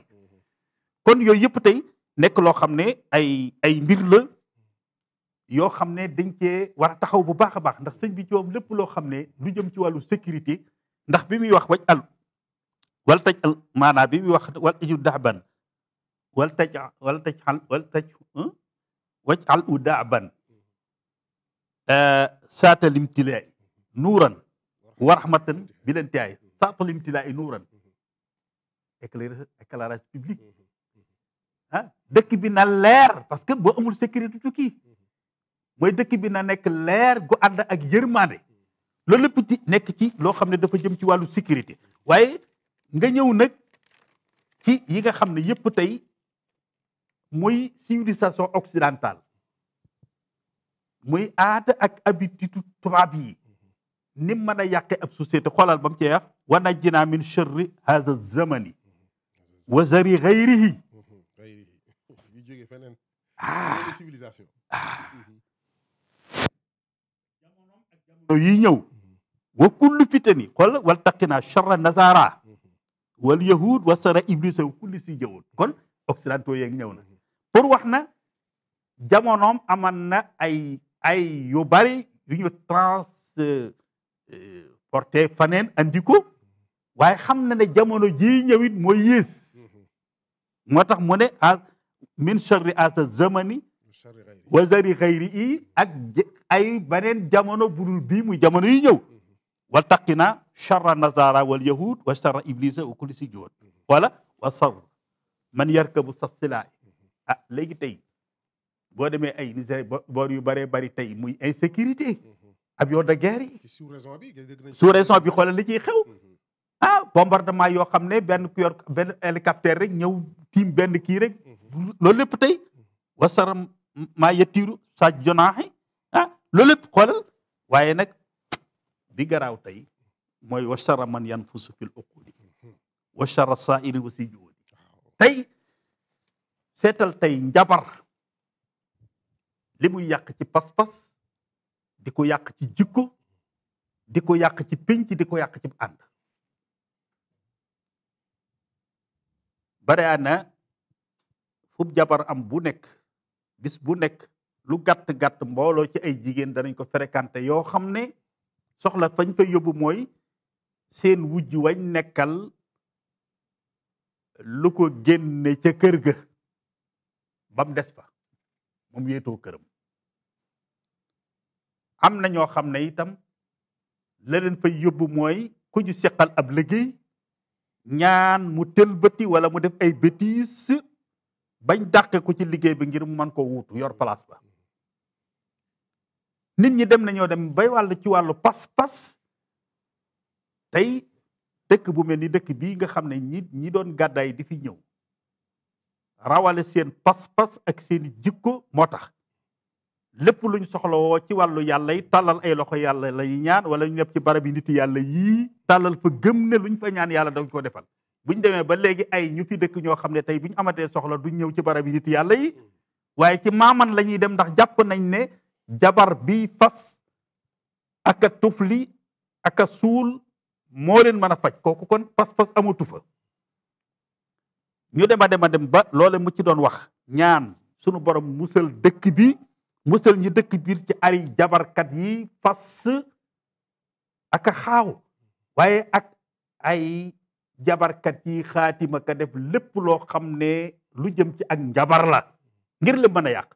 kon yooyu yëpp tey nekk loo xam ne ay ay mbir la yoo xam ne dañ cee war a taxaw bu baax a baax ndax sëñ bi ci moom lépp loo xam ne lu jëm ci wàllu sécurité ndax bi muy wax waj al wal taj al bi muy wax wal aju daxban wal taj wal taj al wal taj waj al u daaban saata limtilaa'i nuuran wa rahmatan bil intihaa'i saata limtilaa'i nuuran éclairage public mm-hmm. dëkk bi na leer parce que boo amul sécurité tukki mm-hmm. mooy dëkk bi na nekk leer go ànd ak yërmande loolu lépp ci nekk ci loo xam ne dafa jëm ci wàllu sécurité waaye nga ñëw nag ci yi nga xam ne yëpp tey mooy civilisation occidentale muy aada ak habitude tubaab yi mm-hmm. ni mën a yàqe ab société xoolal ba mu ci wax wa najjinaa min sharri haadha zamani mm-hmm. wa zari xayrihi mm-hmm. ah, ah. jamono yi ñëw wa kullu fitani xool wal taqinaa sharra nasara wal yahud wa sara iblisa wa kulli si jawut kon occidentaux yeeg ñëw na pour wax na jamonoom aman na ay ay yu bari yu ñu transporté euh, faneen andi ko waaye xam na ne jamono jii ñëwit mooy yées mm-hmm. moo tax mu ne a ah, min charri asa zamani wa zari xayri i ak ay beneen jamono budul bii muy jamono yi ñëw mm-hmm. wal taqina charra nazara wal yahud wa charra iblisa wa kulli si joot mm-hmm. wala wa sar man yarkabu saf silaay ah léegi tey boo demee ay Niger boor yu bëree bëri tey muy insécurité mhm. avion de guerre yi sous raison bi xoolal li ciy xew mhm. ah yoo xam ne benn ku yor benn hélicoptère rek ñëw tiim benn kii rek mhm. loolu lépp tey wasara maa yettiiru sa jonaaxi ah loolu lépp xoolal waaye nag bi garaaw tey mooy wasara man yan fusu fil uqudi wasara saa iri wasi juudi tey seetal tey njabar li muy yàq ci pas-pas di ko yàq ci jikko di ko yàq ci pénc di ko yàq ci ànd bare na fu jabar am bu nekk bis bu nekk lu gàtt-gàtt mbooloo ci ay jigéen danañ ko fréquenté yoo xam ne soxla fañ fa yóbbu mooy seen wujj wañ nekkal lu ko génne ca kër ga ba des fa moom yéetoo këram am na ñoo xam ne itam la leen fay yóbbu mooy ku ñu seqal ab liggéey ñaan mu tëlbati wala mu def ay bêtises bañ daqe ko ci liggéey bi ngir mu mën koo wuutu yor palaas ba nit ñi dem nañoo dem bay wàll ci wàllu pas-pas tey dëkk bu mel ni dëkk bii nga xam ne ñi ñi doon gàddaay di fi ñëw rawale seen pas-pas ak seen jikko moo tax lépp lu ñu soxlawoo ci wàllu yàlla yi tàllal ay loxo yàlla lay ñaan wala ñu nekk ci barab yi nitu yàlla yii tàllal fa gëm ne ñu fa ñaan yàlla dañ ko defal bu ñu demee ba léegi ay ñu fi dëkk ñoo xam ne tey ñu amatee soxla duñ ñëw ci barab yi nitu yàlla yi waaye ci maaman la ñuy dem ndax jàpp nañ ne jabar bi fas ak a tufli ak a suul moo leen mën a faj kooku kon pas-pas amatu fa ñu dema dema dem ba loole mu ci doon wax ñaan sunu borom musal dëkk bi musal ñi dëkk biir ci ari jabarkat yi fas ak a xaaw waaye ak ay jabarkat yi xaatima ka def lépp loo xam ne lu jëm ci ak njabar la ngir li mën a yàq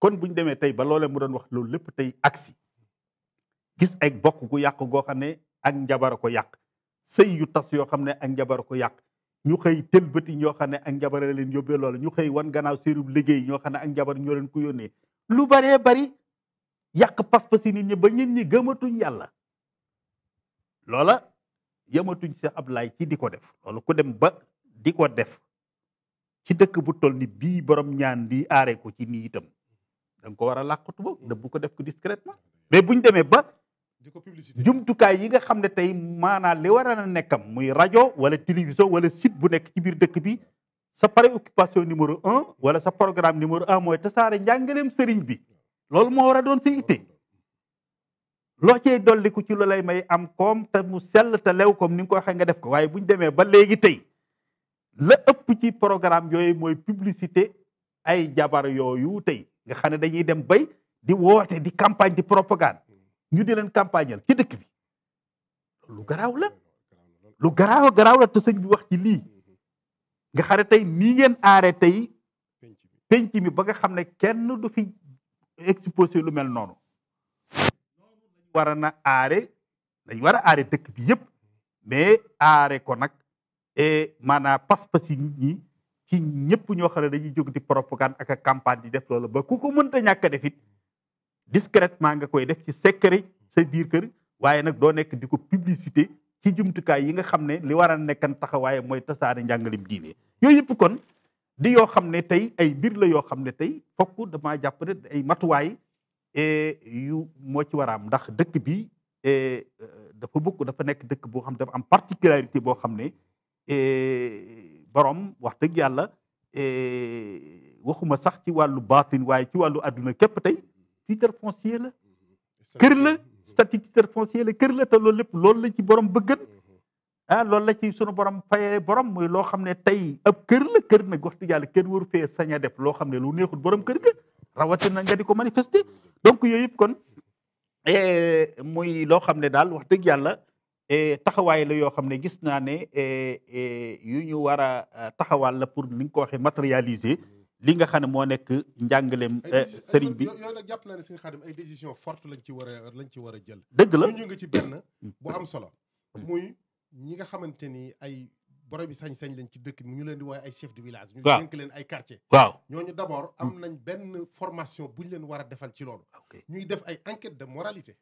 kon buñ demee tey ba loolee mu doon wax loolu lépp tey aksi gis ay bokk gu yàq goo xam ne ak njabar ko yàq sëy yu tas yoo xam ne ak njabar ko yàq ñu xëy tëlbati ñoo xam ne ak njabar leen yóbbee loola ñu xëy wan gannaaw sérub liggéey ñoo xam ne ak njabar ñoo leen ko yónnee lu baree bari yàq pas-pas yi nit ñi ba nit ñi gëmatuñ yàlla loola yëmatuñ si Ablaay ci di ko def loolu ku dem ba di ko def ci dëkk bu toll ni bii borom ñaan di aaree ko ci nii itam da ko war a làqatu ba da mm. bu ko def ko discrètement mais buñ demee ba jumtukaay yi nga xam ne tey maanaam li war a nekkam muy rajo wala télévision wala site bu nekk ci biir dëkk bi sa préoccupation numéro un wala sa programme numéro un mooy tasaare njàngaleem sëriñ bi loolu moo war a doon sa itte loo cee dolliku ci lu lay may am koom te mu sell te lew comme ni nga ko waxee nga def ko waaye bu ñu demee ba léegi tey la ëpp ci programme yooyu mooy publicité ay jabar yooyu tey nga xam ne dañuy dem bay di woote di campagne di propagande ñu di leen campagnal ci dëkk bi lu garaaw la lu garaaw garaaw la te sëñ bi wax ci lii nga xare tey nii ngeen aare tey penc mi ba nga xam ne kenn du fi exposé lu mel noonu war a na aare dañ war a aare dëkk bi yëpp mais aare ko nag e maanaam pas-pas yi ñi ci ñëpp ñoo xam ne dañuy jóg di propagande ak campagne di def loolu ba ku ko mënta ñàkk a def it discrètement nga koy def ci secret sa biir kër waaye nag doo nekk di ko publicité ci jumtukaay yi nga xam ne li war a nekkan taxawaay mooy tasaare njàngalim diine yooyu yëpp kon di yoo xam ne tey ay mbir la yoo xam ne tey fokk dama jàpp ne ay matuwaay e, yu moo ci war a am ndax dëkk bi e, dafa bokk dafa nekk dëkk boo xam dafa am particularité boo xam ne e, borom wax dëgg yàlla waxuma sax ci wàllu baatin waaye ci wàllu adduna képp tey titre foncier la statut titre foncier la kër la te loolu lépp loolu la ci borom bëggat ah loolu la ci sunu borom fayee borom muy loo xam ne tey ab kër la kër nag wax dëgg yàlla kër war fee sañ a def loo xam ne lu neexul borom kër ga rawatina nga di ko manifester donc yooyu yëpp kon eh, muy loo xam ne daal wax dëgg yàlla eh, taxawaay la yoo xam ne gis naa ne eh, yu ñu war a taxawaal la pour ni nga ko waxee matérialiser li nga xam ne moo nekk njàngaleem eh, sëriñ bi yooyu nag jàpp naa ne sëriñ Xaadim ay décision fort lañ ci war a lañ ci war a jël dëgg la ñu ngi ci benn bu am solo mm. muy ñi nga xamante ni ay borom bi sañ-sañ lañ ci dëkk bi ñu leen di wooye ay chef de village ñu dénk leen ay quartier waaw ñooñu d'abord am mm. nañ benn formation buñ leen war a defal ci loolu ñuy def ay enquête de moralité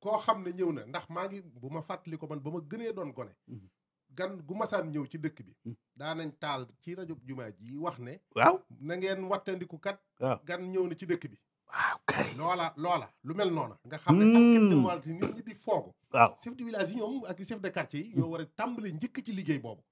koo xam ne ñëw na ndax maa ngi bu ma fàttali ko man ba ma gënee doon gone mm. gan gu masaan ñëw ci dëkk bi hmm. daanañ taal ci rajo jumaa ji wax ne waaw na ngeen wattandiku kat gan ñëw na ci dëkk bi waaw loola loola lu mel noona nga xam ne ak hmm. kenn demalati nit ñi di foogu waaw de village yi ñoom ak chef de quartier yi ñoo war a tàmbali njëkk ci liggéey boobu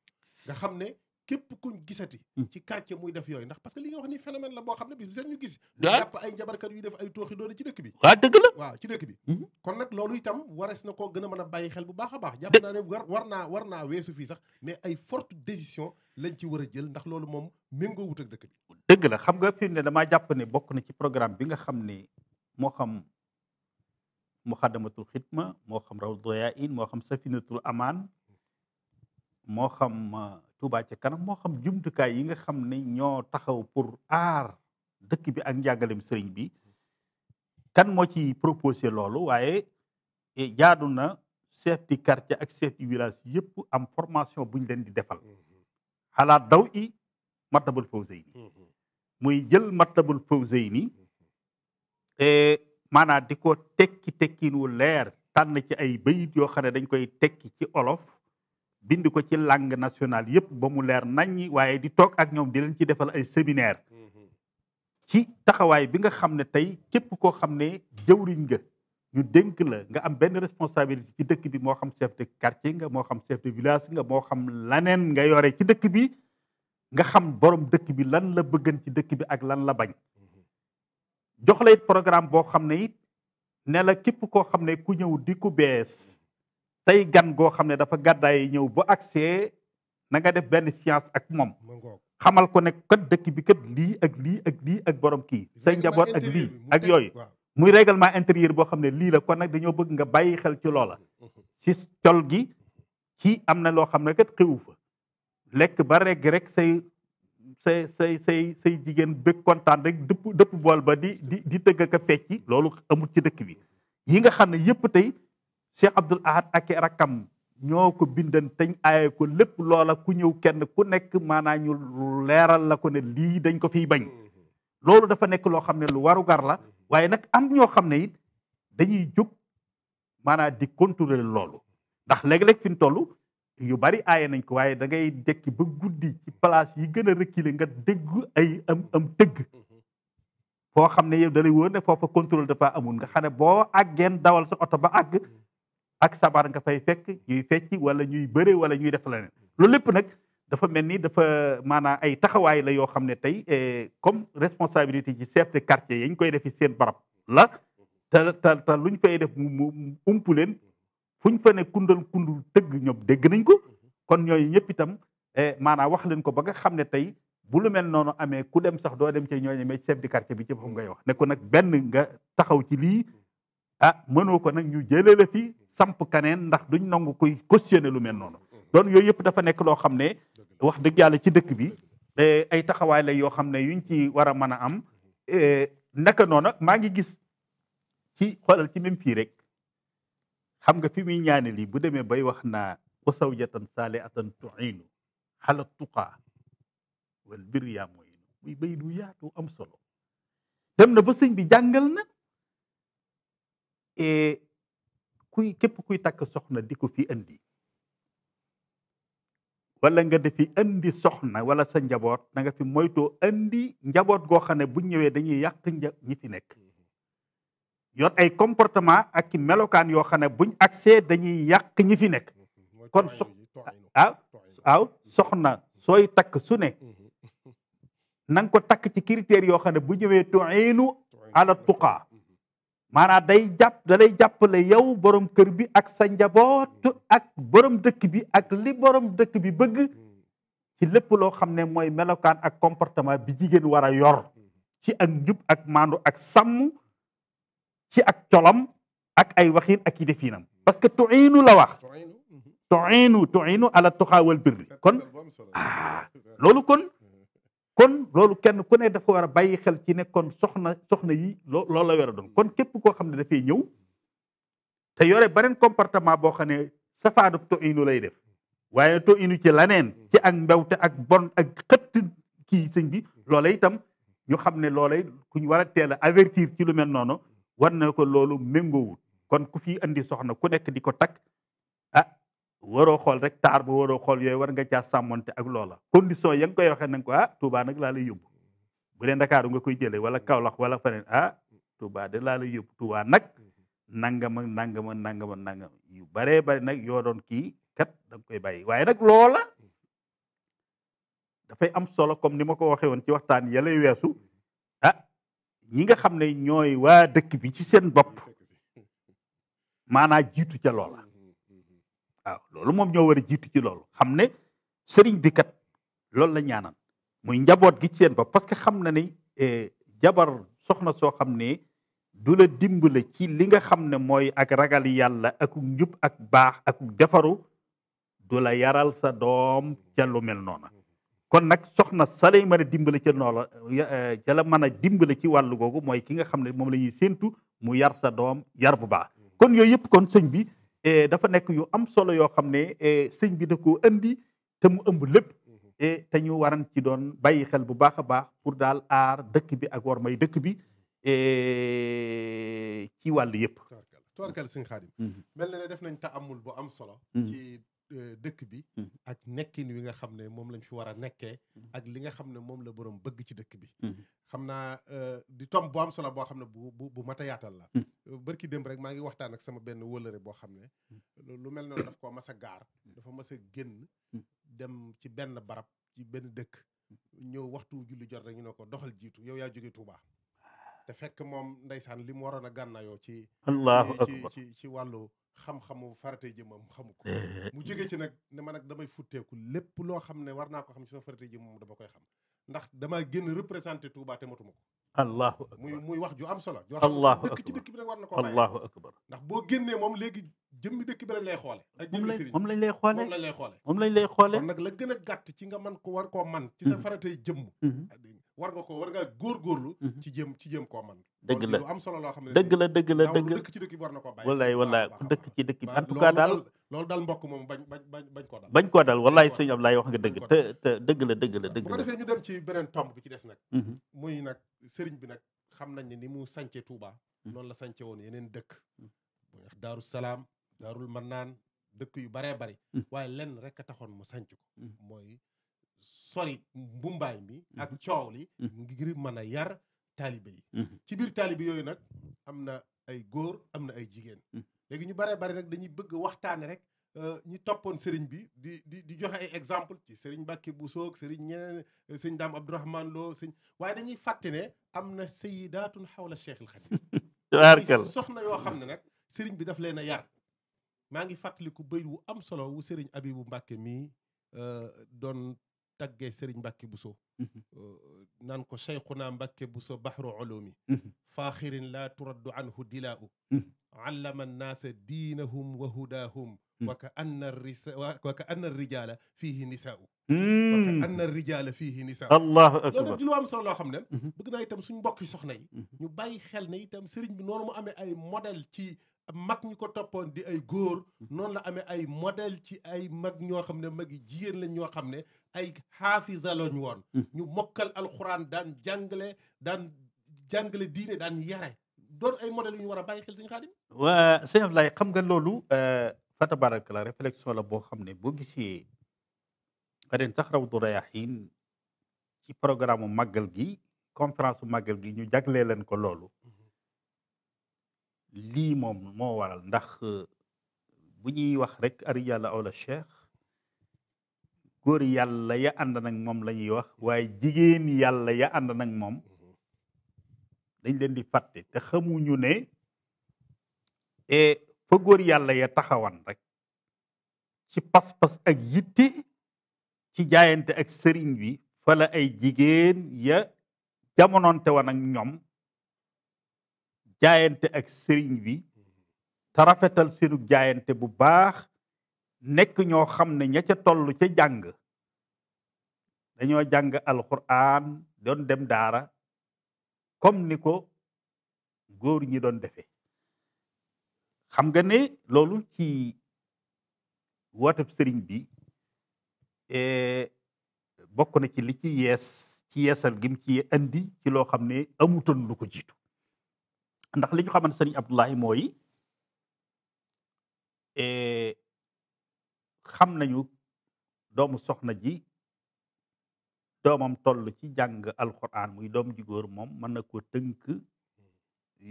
nga xam ne képp kuñ gisati hmm. ci quartier muy def yooyu ndax parce que li nga wax ni phénomène la boo xam ne bis bu seen ñu gis ñu jàpp ay njabarkat yuy def ay tooxi ci dëkk bi waaw dëgg waaw ci dëkk bi hmm. loolu itam warees na koo gën mën a bàyyi xel bu baax a baax jàpp naa ne war naa war naa weesu fii sax mais ay forte décision lañ ci war a jël ndax loolu moom méngoo wut ak dëkk bi dëgg la xam nga fi ne damaa jàpp ne bokk na ci programme bi nga xam ne moo xam muxadamatul xidma moo xam raw doya in moo xam safinatul amaan moo xam Touba ca kanam moo xam jumtukaay yi nga xam ne ñoo taxaw pour aar dëkk bi ak njàngalem sëriñ bi kan moo ci proposé loolu waaye eh, jaadu na chef du quartier ak chef du yëpp am formation buñ leen di defal mm-hmm. xalaat daw i Matlabul Fawzayni mm-hmm. muy jël Matlabul Fawzayni mm-hmm. eh, maanaam di ko tekki tekkiin wu leer tànn ci ay bayit yoo xam ne dañ koy tekki ci olof bind ko ci langue nationale yëpp ba mu leer naññi waaye di toog ak ñoom di leen ci defal ay séminaire ci taxawaay bi nga xam ne tey képp koo xam ne jëwriñ nga ñu dénk la nga am benn responsabilité ci dëkk bi moo xam chef de quartier nga moo xam chef de village nga moo xam laneen nga yore ci dëkk bi nga xam borom dëkk bi lan la bëggan ci dëkk bi ak lan la bañ jox la boo xam ne it ne la képp koo xam ne ku ñëw di ku bees tey gan goo xam ne dafa gàddaay ñëw bu agsee na nga def benn science ak moom xamal ko ne kat dëkk bi kat lii ak lii ak lii ak borom kii say njaboot ak lii ak yooyu muy règlement intérieur boo xam ne lii la kon nag dañoo bëgg nga bàyyi xel ci loola ci col gi ci am na loo xam ne kat xewu fa lekk ba regg rek say say say say say jigéen bëgg kontaan rek dëpp dëpp bool ba di di di tëgg ak a fecci loolu amul ci dëkk bi yi nga xam ne yëpp tey Cheikh Abdoul Ahad ak rakkam ñoo ko bindan teñ aaye ko lépp loola ku ñëw kenn ku nekk maanaam ñu leeral la ko ne lii dañ ko fiy bañ mm-hmm. loolu dafa nekk loo xam ne lu warugar la mm-hmm. waaye nag am ñoo xam ne dañuy jóg maanaam di contrôler loolu ndax léeg-léeg fi mu toll yu bari aaye nañ ko waaye da ngay dekki ba guddi ci place yi gën a reculé nga dégg ay am am tëgg mm-hmm. foo xam ne yow da lay ne foofa contrôle dafa amul nga xam ne boo àggeen dawal sa oto ba àgg ak sabar nga fay fekk ñuy fecc wala ñuy bëre wala ñuy def leneen loolu lépp nag dafa mel ni dafa maanaam ay taxawaay la yoo xam ne tey eh, comme responsabilité ci chef de quartier yañ koy defi seen barab la ta te luñ fay def mu umpu leen fuñ fa ne kundal kundul tëgg ñoom dëgg nañ ko kon ñooyu ñëpp itam eh, maanaam wax leen ko ba nga xam ne tey bu lu mel noonu amee ku dem sax doo dem ci ñooñu mais chef de quartier bi ci boppam ngay wax ne ko nag benn nga taxaw ci lii ah mënoo ko nag ñu jëlee la samp kaneen ndax duñ nangu kuy cautionner lu mel noonu donc yooyu yëpp dafa nekk loo xam ne wax dëgg yàlla ci dëkk bi ay taxawaay la yoo xam ne yuñ ci war a mën a am e, naka noona maa ngi gis ci xoolal ci même fii rek xam nga fi muy ñaane lii bu demee bay wax naa wa sawjatan saalihatan tuinu xala tuqaa wal bir yaa moyinu bay du yaatu am solo dem na ba sëñ bi jàngal na e, kuy képp kuy takk soxna di ko fi indi wala nga defi indi soxna wala sa njaboot da fi moyto indi njaboot goo xam ne bu ñëwee dañuy yàq nja ñi fi nekk ay comportement ak melokaan yoo xam ne buñ accès dañuy yàq ñi fi nekk kon so ah waaw soxna sooy takk su ne mhm. na ko takk ci critères yoo xam ne bu ñëwee tuinu ala tuqaa maanaam day jàpp da lay jàppale yow borom kër bi ak sa njaboot ak borom dëkk bi ak li borom dëkk bi bëgg ci lépp loo xam ne mooy melokaan ak comportement bi jigéen war a yor ci ak njub ak maandu ak sàmm ci ak colam ak ay waxin ak i definam parce que tuinu la wax tuinu mhm. tuinu ala tuxaawal birri kon ah loolu kon kon loolu kenn ku ne dafa war a bàyyi xel ci ne kon soxna soxna yi loo loolu la war a doon kon képp koo xam ne dafay ñëw te yore beneen comportement boo xam ne safaanu to lay def waaye to inu ci laneen ci ak mbewte ak bon ak xëtt kii sëñ bi loola itam ñu xam ne loolay ku ñu war a teel a avertir ci lu mel noonu war na ko loolu méngoowul kon ku fi andi soxna ku nekk di ko takk ah waroo xool rek taar ba waroo xool yooyu war nga caa sàmmonte ak loola condition ya nga koy waxee nañ ko ah Touba nag laa lay yóbbu Ndakaaru nga koy jëlee wala Kaolack wala feneen ah Touba de laa lay yóbbu nag nangama nangama nangama nangama yu baree bari nag yoo doon kii kat da koy bàyyi waaye nag loola dafay am solo comme ni ma ko waxee woon ci waxtaan yalay weesu ah ñi nga xam ne ñooy waa dëkk bi ci seen bopp maanaa jiitu ca loola waaw loolu moom ñoo war a jiitu ci loolu xam ne sëriñ bi kat loolu la ñaanal muy njaboot gi ci seen bopp parce que xam na ni eh, jabar soxna soo xam ne du la dimbale ci li nga xam ne mooy ak ragal yàlla ak njub ak baax ak defaru du la yaral sa doom ca lu mel noona kon nag soxna sa lay mën a dimbale noola eh, ca la a dimbale ci wàllu googu mooy ki nga xam ne moom la ñuy séentu mu yar sa doom yar bu baax kon yooyu yëpp kon sëñ bi Eh, dafa nekk yu am solo yoo xam ne eh, sëñ bi da koo andi te mu ëmb lépp mm-hmm. eh, te ñu waran ci doon bàyyi xel bu baax a baax pour daal aar dëkk bi ak wor may dëkk bi ci wàll yëpp. tubarkal tubarkal sëñ Xaadim mm-hmm. mel ne def nañ taamul boo am solo. Mm-hmm. Euh, dëkk bi hmm. ak nekkin wi nga xam ne moom lañ fi war a nekkee hmm. ak li nga xam ne moom la borom bëgg ci dëkk bi hmm. xam naa euh, di tomb bu am solo boo xam ne bu bu bu mat a yaatal la euh, bërki démb rek maa ngi waxtaan ak sama benn wëlëre boo xam ne lu mel noonu daf koo mas a gaar dafa mas génn dem ci benn barab ci benn dëkk ñëw waxtu julli jot rek ñu ne ko doxal jiitu yow yaa jóge Touba ah. te fekk moom ndeysaan li mu waroon a gànnaayoo ci allahu ci ci wàllu xam-xamu faratee jëmmam xamu eh, eh. mu jóge ci nag ne ma nag damay futteeku lépp loo xam ne war naa ko xam ci sama faratee jëmmam dama koy xam ndax damaa génn représenté Touba te matuma ko. allahu akbar muy wax ju am solo. allahu akbar dëkk ci dëkk bi nag war na koo bàyyi. allahu akbar ndax boo génnee moom léegi jëmmi dëkk bi rek lay xoole. ak jëmmi sëriñ moom lañ lay xoole moom lañ lay xoole. moom lañ lay xoole kon la gën a gàtt ci nga man ko war koo man ci sa mhm. faratee war nga ko war ngaa góorgóorlu mhm. ci jëm ci jëm koo man dëgg la am solo loo xam ne dëgg la dëgg la dëgg dëkk ci dëkk bi war na ko bàyyi wallaay wallaay ku dëkk ci dëkk bi en tout cas daal loolu daal mbokk moom bañ bañ bañ bañ koo dal bañ koo dal wallaay sëñ Ablaye wax nga dëgg te te dëgg la dëgg la dëgg la bu ko defee ñu dem ci beneen tomb bi ci des nag mhm. muy nag sëriñ bi nag xam nañ ne ni mu sañce Touba mhm. noonu la sañce woon yeneen dëkk muy wax Daaru Salaam Daarul Mannaan dëkk yu baree bari waaye lenn rek a taxoon mu sañc ko mooy sori mbumbaay mi mhm. ak coow li mhm. ngir mën a yar taalibe yi mhm. ci biir taalibe yooyu nag am na ay góor am na ay jigéen léegi ñu bare bare nag dañuy bëgg waxtaane rek euh, ñi toppoon sëriñ bi di di di joxe ay exemple ci sëriñ Mbàkke Busoog sëriñ ñeneen euh, sëñ Daam Abdourahman Lo sëñ waaye dañuy fàtte am na sayidaatun xawla Cheikh al Xadim soxna yoo xam ne nag sëriñ bi daf leen a yar maa ngi fàttaliku bëy wu am solo wu sëriñ Abibu mbakke mii euh, doon taggee Serigne Mbacke Bousso mhm. euh, naan ko cheikhuna Mbacke Bousso bahru ulumi mhm. faaxirin laa turaddu anhu dilaa u mhm. allama annaasa diinahum wa hudaahum wa hmm. ka anna risa wa ka anna rijaala fiihi nisaa'u wa hmm. ka anna rijaala fiihi nisaa'u allahu akbar loolu di lu am solo ne hmm. bëgg naa itam suñ mbokk yi soxna yi ñu bàyyi xel ne itam sëriñ bi noonu mu amee ay modèle ci mag ñi ko toppoon di ay góor noonu la amee ay modèle ci ay mag ñoo xam ne magi jigéen lañ ñoo xam ne ay xaafisa ñu woon ñu mokkal alxuraan daan jàngale daan jàngale diine daan yare doon ay modèle yu ñu war a bàyyi xel sëñ Xaadim waa xam nga loolu euh, fatabarak la réflexion la boo xam ne boo gisee ren sax raw du rayaxiin ci programme màggal gi conférence màggal gi ñu jaglee leen ko loolu mm-hmm. lii moom moo waral ndax bu ñuy wax rek ari yàlla awla cheikh góor yàlla ya ànd nag moom la ñuy wax waaye jigéen yàlla ya ànd nag moom mm-hmm. dañ leen di fàtte te xamuñu ne fa góor yàlla ya taxawan rek ci pas-pas ak yitti ci jaayante ak sëriñ bi fa ay jigéen ya jamononte woon ñoom jayante ak sëriñ bi te rafetal seenu jaayante bu baax nekk ñoo xam ne ña ca tollu ca jàng dañoo jàng alxuraan doon dem daara comme ni ko góor ñi doon defe xam nga ne loolu ci wooteb sëriñ bi eh, bokk na ci li ci yees ci yeesal gim ci andi ci loo xam ne amutoon lu ko jiitu ndax li ñu xamante sëriñ Abdoulahi mooy eh, xam nañu doomu soxna ji doomam toll ci jàng alquran muy doom ji góor moom mën na ko tënk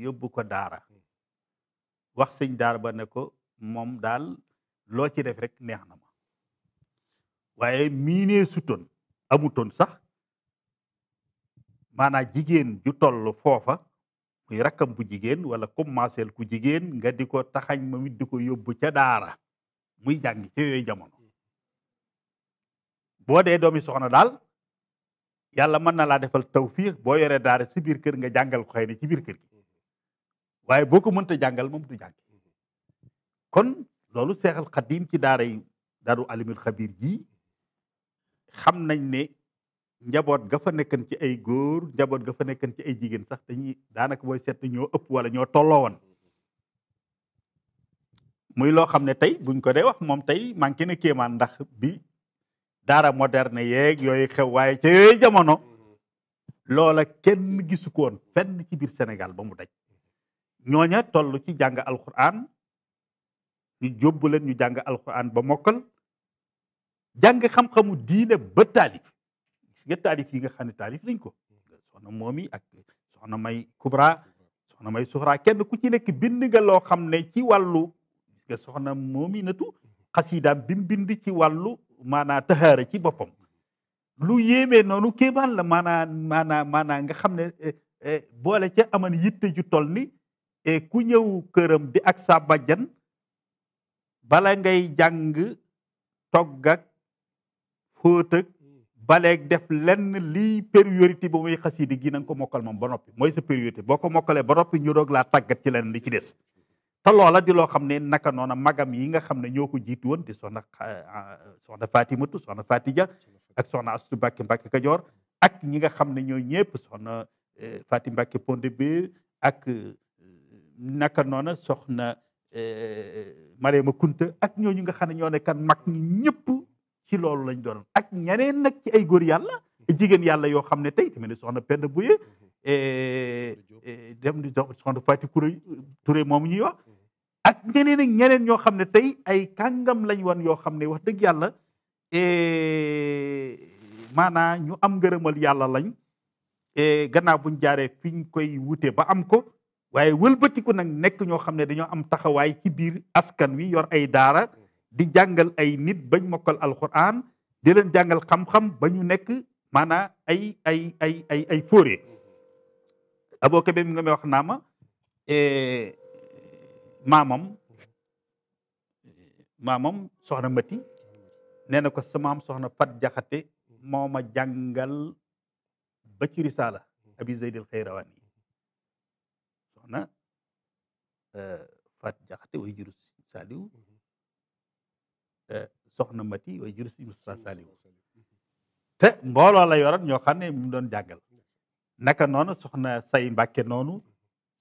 yóbbu ko daara hmm. wax sëñ daara ba ne ko moom daal loo ci def rek neex na ma waaye miinee sutoon amutoon sax maanaam jigéen ju toll foofa muy rakkam bu jigéen wala commencé ku jigéen nga di ko taxañ ma mit di ko yóbbu ca daara muy jàng ca yooyu jamono mm. boo dee doomi soxna daal yàlla man na laa defal tawfiix boo yore daar ci biir kër nga jàngal ko xëy na ci biir kër gi waaye boo ko mënta jàngal moom du jàng kon loolu seexal xadim ci daaray daaru alimul xabir ji xam nañ ne njaboot ga fa nekkan ci ay góor njaboot ga fa nekkan ci ay jigéen sax dañuy daanaka booy seet ñoo ëpp wala ñoo tolloo woon muy loo xam ne tey buñ ko dee wax moom tey manqué na kéemaan ndax bi daara moderne yeeg yooyu xew waaye ca yooyu jamono mm-hmm. loola kenn gisu ko woon fenn ci biir Sénégal ba mu daj ñooña tollu ci jàng alquran ñu jóbbu ñu jàng alquran ba mokkal jàng xam-xamu diine ba taalif gis nga taalif yi nga xam taalif nañ ko soxna moom ak soxna may kubra soxna may suxra kenn ku ci nekk bind nga loo xam ne ci wàllu gis nga soxna moom yi natu xasidaam bi mu bind ci wàllu maanaa taxaara ci boppam lu yéemee noonu kéemaan la maanaa maanaa maanaa nga xam ne eh, eh, boole ca aman yitte ju toll ni ku ñëw këram di ak sa bàjjan bala ngay jàng togg ak fóot ak hmm. baleeg def lenn li priorité ba muy xasida gi na nga ko mokkal moom ba noppi mooy sa priorité boo ko mokkalee ba noppi ñu doog laa tàggat ci leen li ci des te loola di loo xam ne naka noon noona magam yi nga xam ne ñoo ko jiitu woon di soxna ah, soxna Fatimatu soxna Fatija ak soxna Astu Mbàkke Mbàkke Kajoor ak ñi nga xam ne ñoo ñëpp soxna eh, Fatim Mbàkke Pondé bi ak naka noona soxna eh, Mariama Kunta ak ñooñu nga xam ne ñoo nekkan mag ñi ci loolu lañ doon ak ñeneen nag ci ay góor yàlla jigéen yàlla yoo xam ne tey tamit soxna Penda Bouye eh, eh, dem di soxna Fati Kuré Touré moom ñuy wax ak ñeneen ñeneen ñoo xam ne tey ay kàngam lañ wan yoo xam ne wax dëgg yàlla maanaa ñu am ngërëmal yàlla lañ gannaaw buñ jaaree fiñ koy wute ba am ko waaye wëlbatiku nag nekk ñoo xam ne dañoo am taxawaay ci biir askan wi yor ay daara di jàngal ay nit bañ mokkal alquran di leen jàngal xam-xam ba ñu nekk maanaam ay ay ay ay ay fóore Abo Kebe mi nga may wax naama e, maamam maamam soxna Mati nee na ko sama am soxna Fat Jaxate moo ma jàngal ba ci risaala abi zeydil xayrawaan soxna Faat Jaxate way juru Sëriñ Saaliw mhm. eh, soxna Mati way juru Sëriñ Musaa Saaliw te mbooloo la yoroon ñoo xam ne mu doon jàngal naka noonu soxna Say Mbàkke noonu mhm.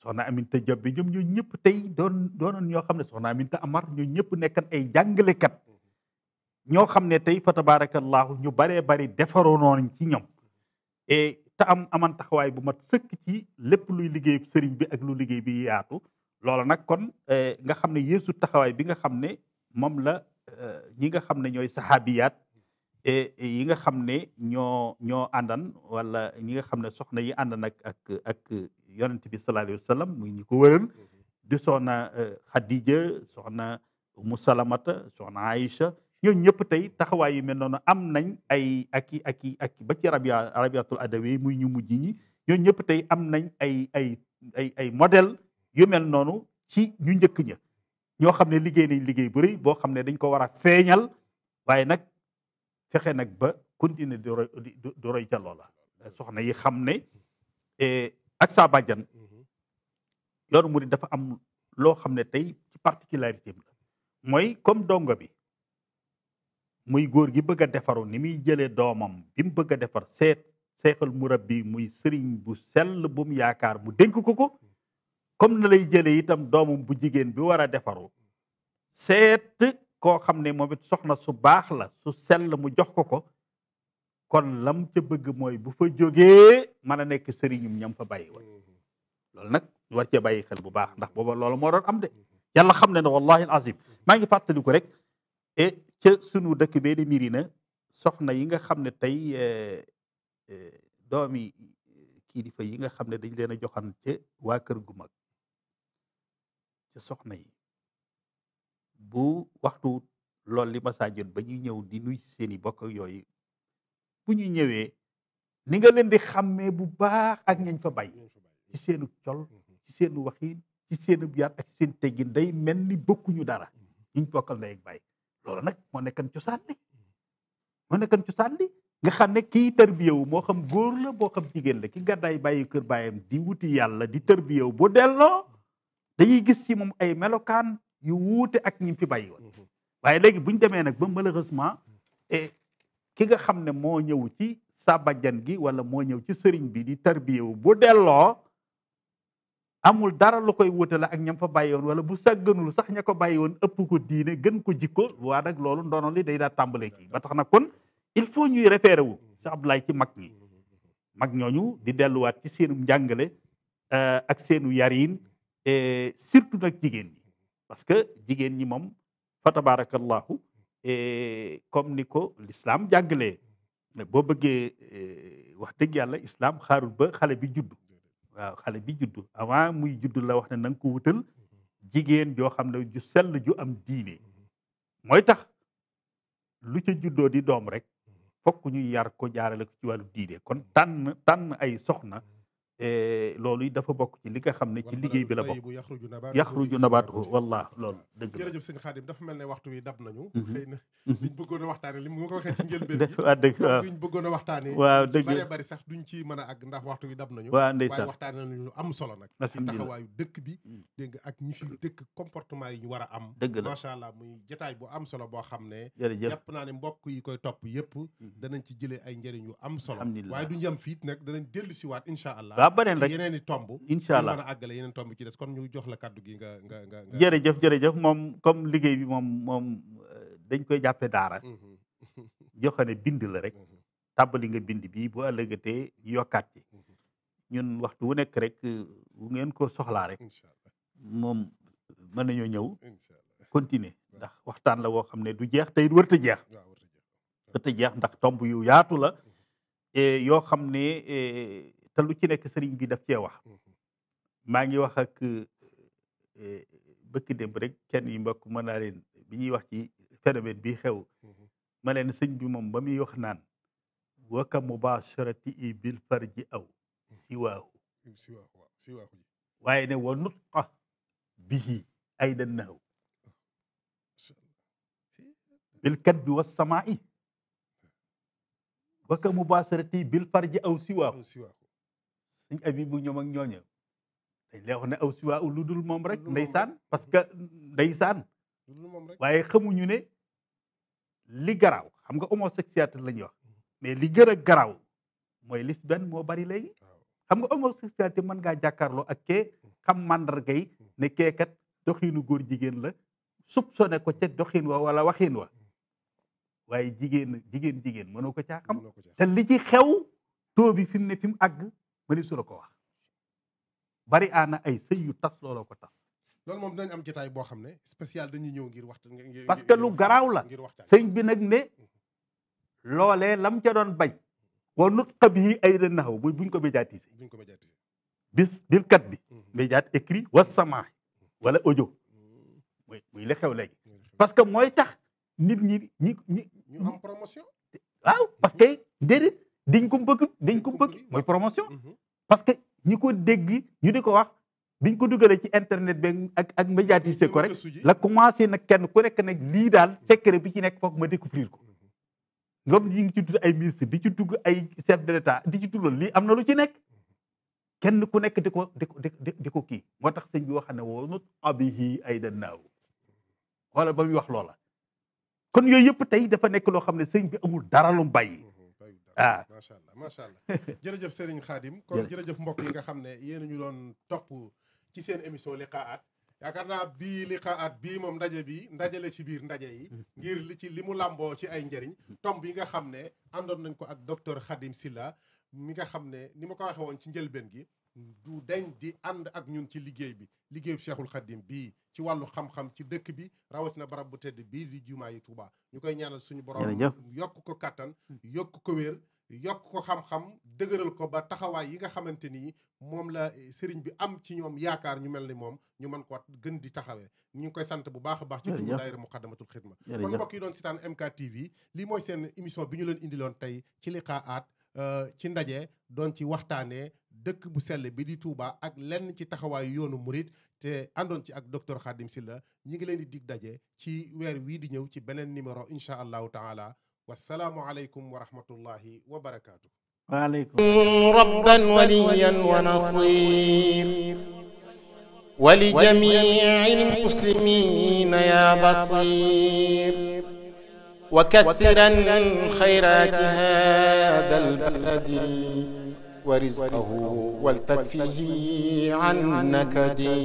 soxna Aminta Job bi ñoom ñoo ñëpp tey doon doonoon ñoo xam ne soxna Aminta Amar ñoo ñëpp nekkan ay kat mhm. ñoo xam ne tey fa tabarakallahu ñu baree bari defaroo noonu ci ñoom et te am aman taxawaay bu mat sëkk ci lépp luy liggéey sëriñ bi ak lu liggéey bi yaatu loola nag kon eh, nga xam ne yésu taxawaay bi nga xam ne moom la eh, ñi nga xam ne ñooy saxaabiyaat eh, yi nga xam ne ñoo ñoo àndan wala ñi nga xam ne soxna yi àndan ak ak ak yonent bi sallallahu alayhi wasallam muy ñi ko wëral di soxna Xadija soxna Umu Salamata soxna Aïcha ñooñu ñëpp tey taxawaay yu mel noonu am nañ ay ak ak i ak ba ci rabia rabiatul adawi muy ñu mujj ñi ñooñu ñëpp tey am nañ ay ay ay ay modèle yu mel noonu ci ñu njëkk ña ñoo xam ne liggéey nañ liggéey bu rëy boo xam ne dañ ko war a feeñal waaye nag fexe nag ba continuer di roy di ca loola soxna yi xam ne e eh, saa bàjjan yoonu mu dafa am loo xam ne tey ci particularité mooy comme dongo bi muy góor gi bëgg a ni muy jëlee doomam bi mu bëgg a defar seet seexal murabbi muy sëriñ bu sel bu mu yaakaar mu dénk ko ko comme na lay jëlee itam doomam bu jigéen bi war a defaru seet koo xam ne moom it soxna su baax la su sell mu jox ko ko kon lam ca bëgg mooy bu fa jógee mën a nekk sëriñum ñam fa bàyyi wa mm-hmm. loolu nag ñu war cee bàyyi xel bu baax ndax booba loolu moo doon am de mm-hmm. yàlla xam ne ne wallahi al azim mm-hmm. maa ngi rek E ca sunu dëkk bee di Mirina soxna yi nga xam ne tey eh, eh, doomi eh, kilifa yi nga xam ne dañ leen a joxan ca waa kër gu mag ca soxna yi bu waxtu lool li masaa jot ba ñuy ñëw di nuy seeni bokk yooyu bu ñu ñëwee ni nga leen di xàmmee bu baax ak ñañ fa bay ci seenu col ci seenu waxiin ci seenu yaat ak seen teggin day mel ni bokkuñu dara mm-hmm. ñu bokkal ndey ak bay loolu nag moo nekkan cosaan li moo nekkan cosaan li nga xam ne kii tërbiyewu moo xam góor la boo xam jigéen la ki gàddaay bàyyi kër baayam di wuti yàlla di tërbiyewu bu delloo dañuy gis ci moom ay melokaan yu wuute ak ñi fi bàyyi woon mhm. waaye léegi bu ñu demee nag ba malheureusement mhm. eh, ki nga xam ne moo ñëw ci sàbbajan gi wala moo ñëw ci sëriñ bi di tarbiyewu bu delloo amul dara lu koy wutale ak ñam fa bàyyi woon wala bu sàgganul sax ña ko bàyyi woon ëpp ko diine gën ko jikko waa nag loolu ndono li day daa tàmbalee ki ba tax kon il faut ñuy référé wu sa Abdoulaye ci mag ñi mag ñooñu di delluwaat ci seenu njàngale eh, ak seenu yarin eh, surtout nag jigéen ñi parce que jigéen ñi moom fa tabarakallahu eh, comme ni ko l'islam jàngalee boo bëggee wax dëgg yàlla islam xaarul ba xale bi juddu waaw xale bi juddu avant muy juddu la wax ne na nga ko wutal jigéen joo xam ne ju sell ju am diine mooy tax lu ci juddoo di doom rek fokk ñu yar ko jaarale ko ci wàllu diine kon tànn tànn ay soxna Eh, loolu it dafa bokk ci li nga xam ne ci liggéey bi la bokk yaxruju nabaatuhu wallah loolu dëgg lool jërëjëf sëñ Xaadim dafa mel ne waxtu wi dab nañu mhm. xëy na mhm. liñ bëggoon a waxtaane li mu ko waxee ci njëlbeen bi dëgg waaw liñ bëggoon a waxtaane waaw dëgg bari bari sax duñ ci mën a àgg ndax waxtu wi dab nañu waaw ndeysaan waaye waxtaane lu am solo nag ci taxawaayu dëkk bi mm. dégg nga ak ñi fi dëkk comportement yi ñu war a am dëgg la allah muy jataay bu am solo boo xam ne jërëjëf jàpp naa ne mbokk yi koy topp yëpp mm-hmm. danañ ci jëlee ay njëriñ yu am solo waaye duñ yem fiit nag danañ dellu siwaat incha allah ah beneen rek yeneen i tomb incha allah mën a àggale yeneen tomb ci des kon ñu jox la kaddu gi nga nga nga jërëjëf jërëjëf moom comme liggéey bi moom moom euh, dañ koy jàppe daara joxe mm-hmm. ne bind la rek mm-hmm. tàbbali nga bindi bi bo ëllëgatee ñu yokkaat ci mm-hmm. ñun waxtu wu nekk rek euh, ngeen ko soxlaa rek moom mën nañoo ñëw continuer ndax waxtaan la woo xam ne du jeex tey wërta jeex wërta jeex ndax tomb yu yaatu la yoo xam ne euh, te lu ci nekk sëriñ bi daf cee wax mmh maa ngi wax ak euh, euh, bëkk démb rek kenn yi mbokk mën naa leen bi ñuy wax ci phénomène bi xew mmh ma leen sëñ bi moom ba muy wax naan waka mubasharati i bil farji aw mmh siwaahu siwaahu waaye ne wa nutqa bihi ay dan naw bil kadbi wa samaa'i waka mubasharati bil farji aw siwaahu suñ abi bu ñoom ak ñooñu dañ lay ne aw siwaa lu dul moom rek ndeysaan parce mm-hmm. que ndeysaan waaye xamuñu ne li garaaw xam nga homosexualité la ñuy wax mais li gën a garaaw mooy lesbienne moo bari léegi xam nga homosexualité mën ngaa jàkkaarloo ak kee mm. xam màndarga yi mm. ne keekat doxiinu góor jigéen la ne ko ca doxiin wa wala waxiin wa mm. waaye jigéen jigéen jigéen mënoo ko caa xam te li ci xew taux bi fi mu ne fi mu àgg mëni su la ko wax bari aana ay sëy yu tas looloo ko tas. loolu moom dinañ am jotaay boo xam ne spécial dañuy ñëw ngir waxtaan ngir parce que lu garaaw la sëñ bi nag ne loolee lam ca doon bañ wa nut xab yi ay den naxaw muy buñ ko médiatiser buñ ko médiatiser bis bil kat bi mm-hmm. médiat écrit wa sama mm-hmm. wala audio mm-hmm. muy muy la xew léegi que mooy tax nit ñi ñi ñi ñu am promotion waaw parce que déedéet diñ ko bëgg dañ ko bëgg mooy promotion. parce que ñi ko dégg ñu di ko wax biñ ko dugalee ci internet bi ak ak médiatisé ko rek la commencé nag kenn ku nekk nag lii daal secret bi ci nekk foog ma découvrir ko. loolu ñu ngi ci tudd ay ministre di ci dugg ay chef de l'état di ci tuddal lii am na lu ci nekk. kenn ku nekk di ko di ko di ko kii moo tax sëñ bi wax ne woo nut abihi ay danaaw wala ba muy wax loola kon yooyu yëpp tey dafa nekk loo xam ne sëñ bi amul dara lu mbay bàyyi ah macha allah macha allah jërëjëf Serigne Khadim kon jërëjëf mbokk yi nga xam ne yéen ñu doon topp ci seen émission liqaat yaakaar naa bii liqaat bii moom ndaje bi ndaje la ci biir ndaje yi mm-hmm. ngir li ci li mu làmboo ci ay njëriñ mm-hmm. tomb yi nga xam ne àndoon nañ ko ak docteur Khadim sillah mi nga xam ne ni ma ko waxee woon ci njëlbeen gi du dañ di ànd ak ñun ci liggéey bi liggéey liggéeyu Cheikhul Khadim bi ci wàllu xam-xam ci dëkk bi rawatina barab bu tedd bii di jumaa yi Touba ñu koy ñaanal suñu borom yokk ko kattan yokk ko wér yokk ko xam-xam dëgëral ko ba taxawaay yi nga xamante ni moom la eh, sëriñ bi am ci ñoom yaakaar ñu mel ni moom ñu mën ko gën di taxawee ñu ngi koy sant bu baax a baax ci turu daayira Muqaddamatul Xidma kon mbokk yi doon seetaan MKTV li mooy seen émission bi ñu leen indiloon tey ci liqaat euh, ci ndaje doon ci waxtaanee dëkk bu sell bi di tuuba ak lenn ci taxawaayu yoonu murit te àndoon ci ak docteur Khadim Sylla ñi ngi leen di dig daje ci weer wii di ñëw ci beneen numéro incha allahu taala wasalaamu aleykum wa rahmatullahi wa barakaatu. waaleykum wa nasir wa li jamiil ya basir wa kathiran xayrati hada albadi ورزقه ولتكفيه عن نكدي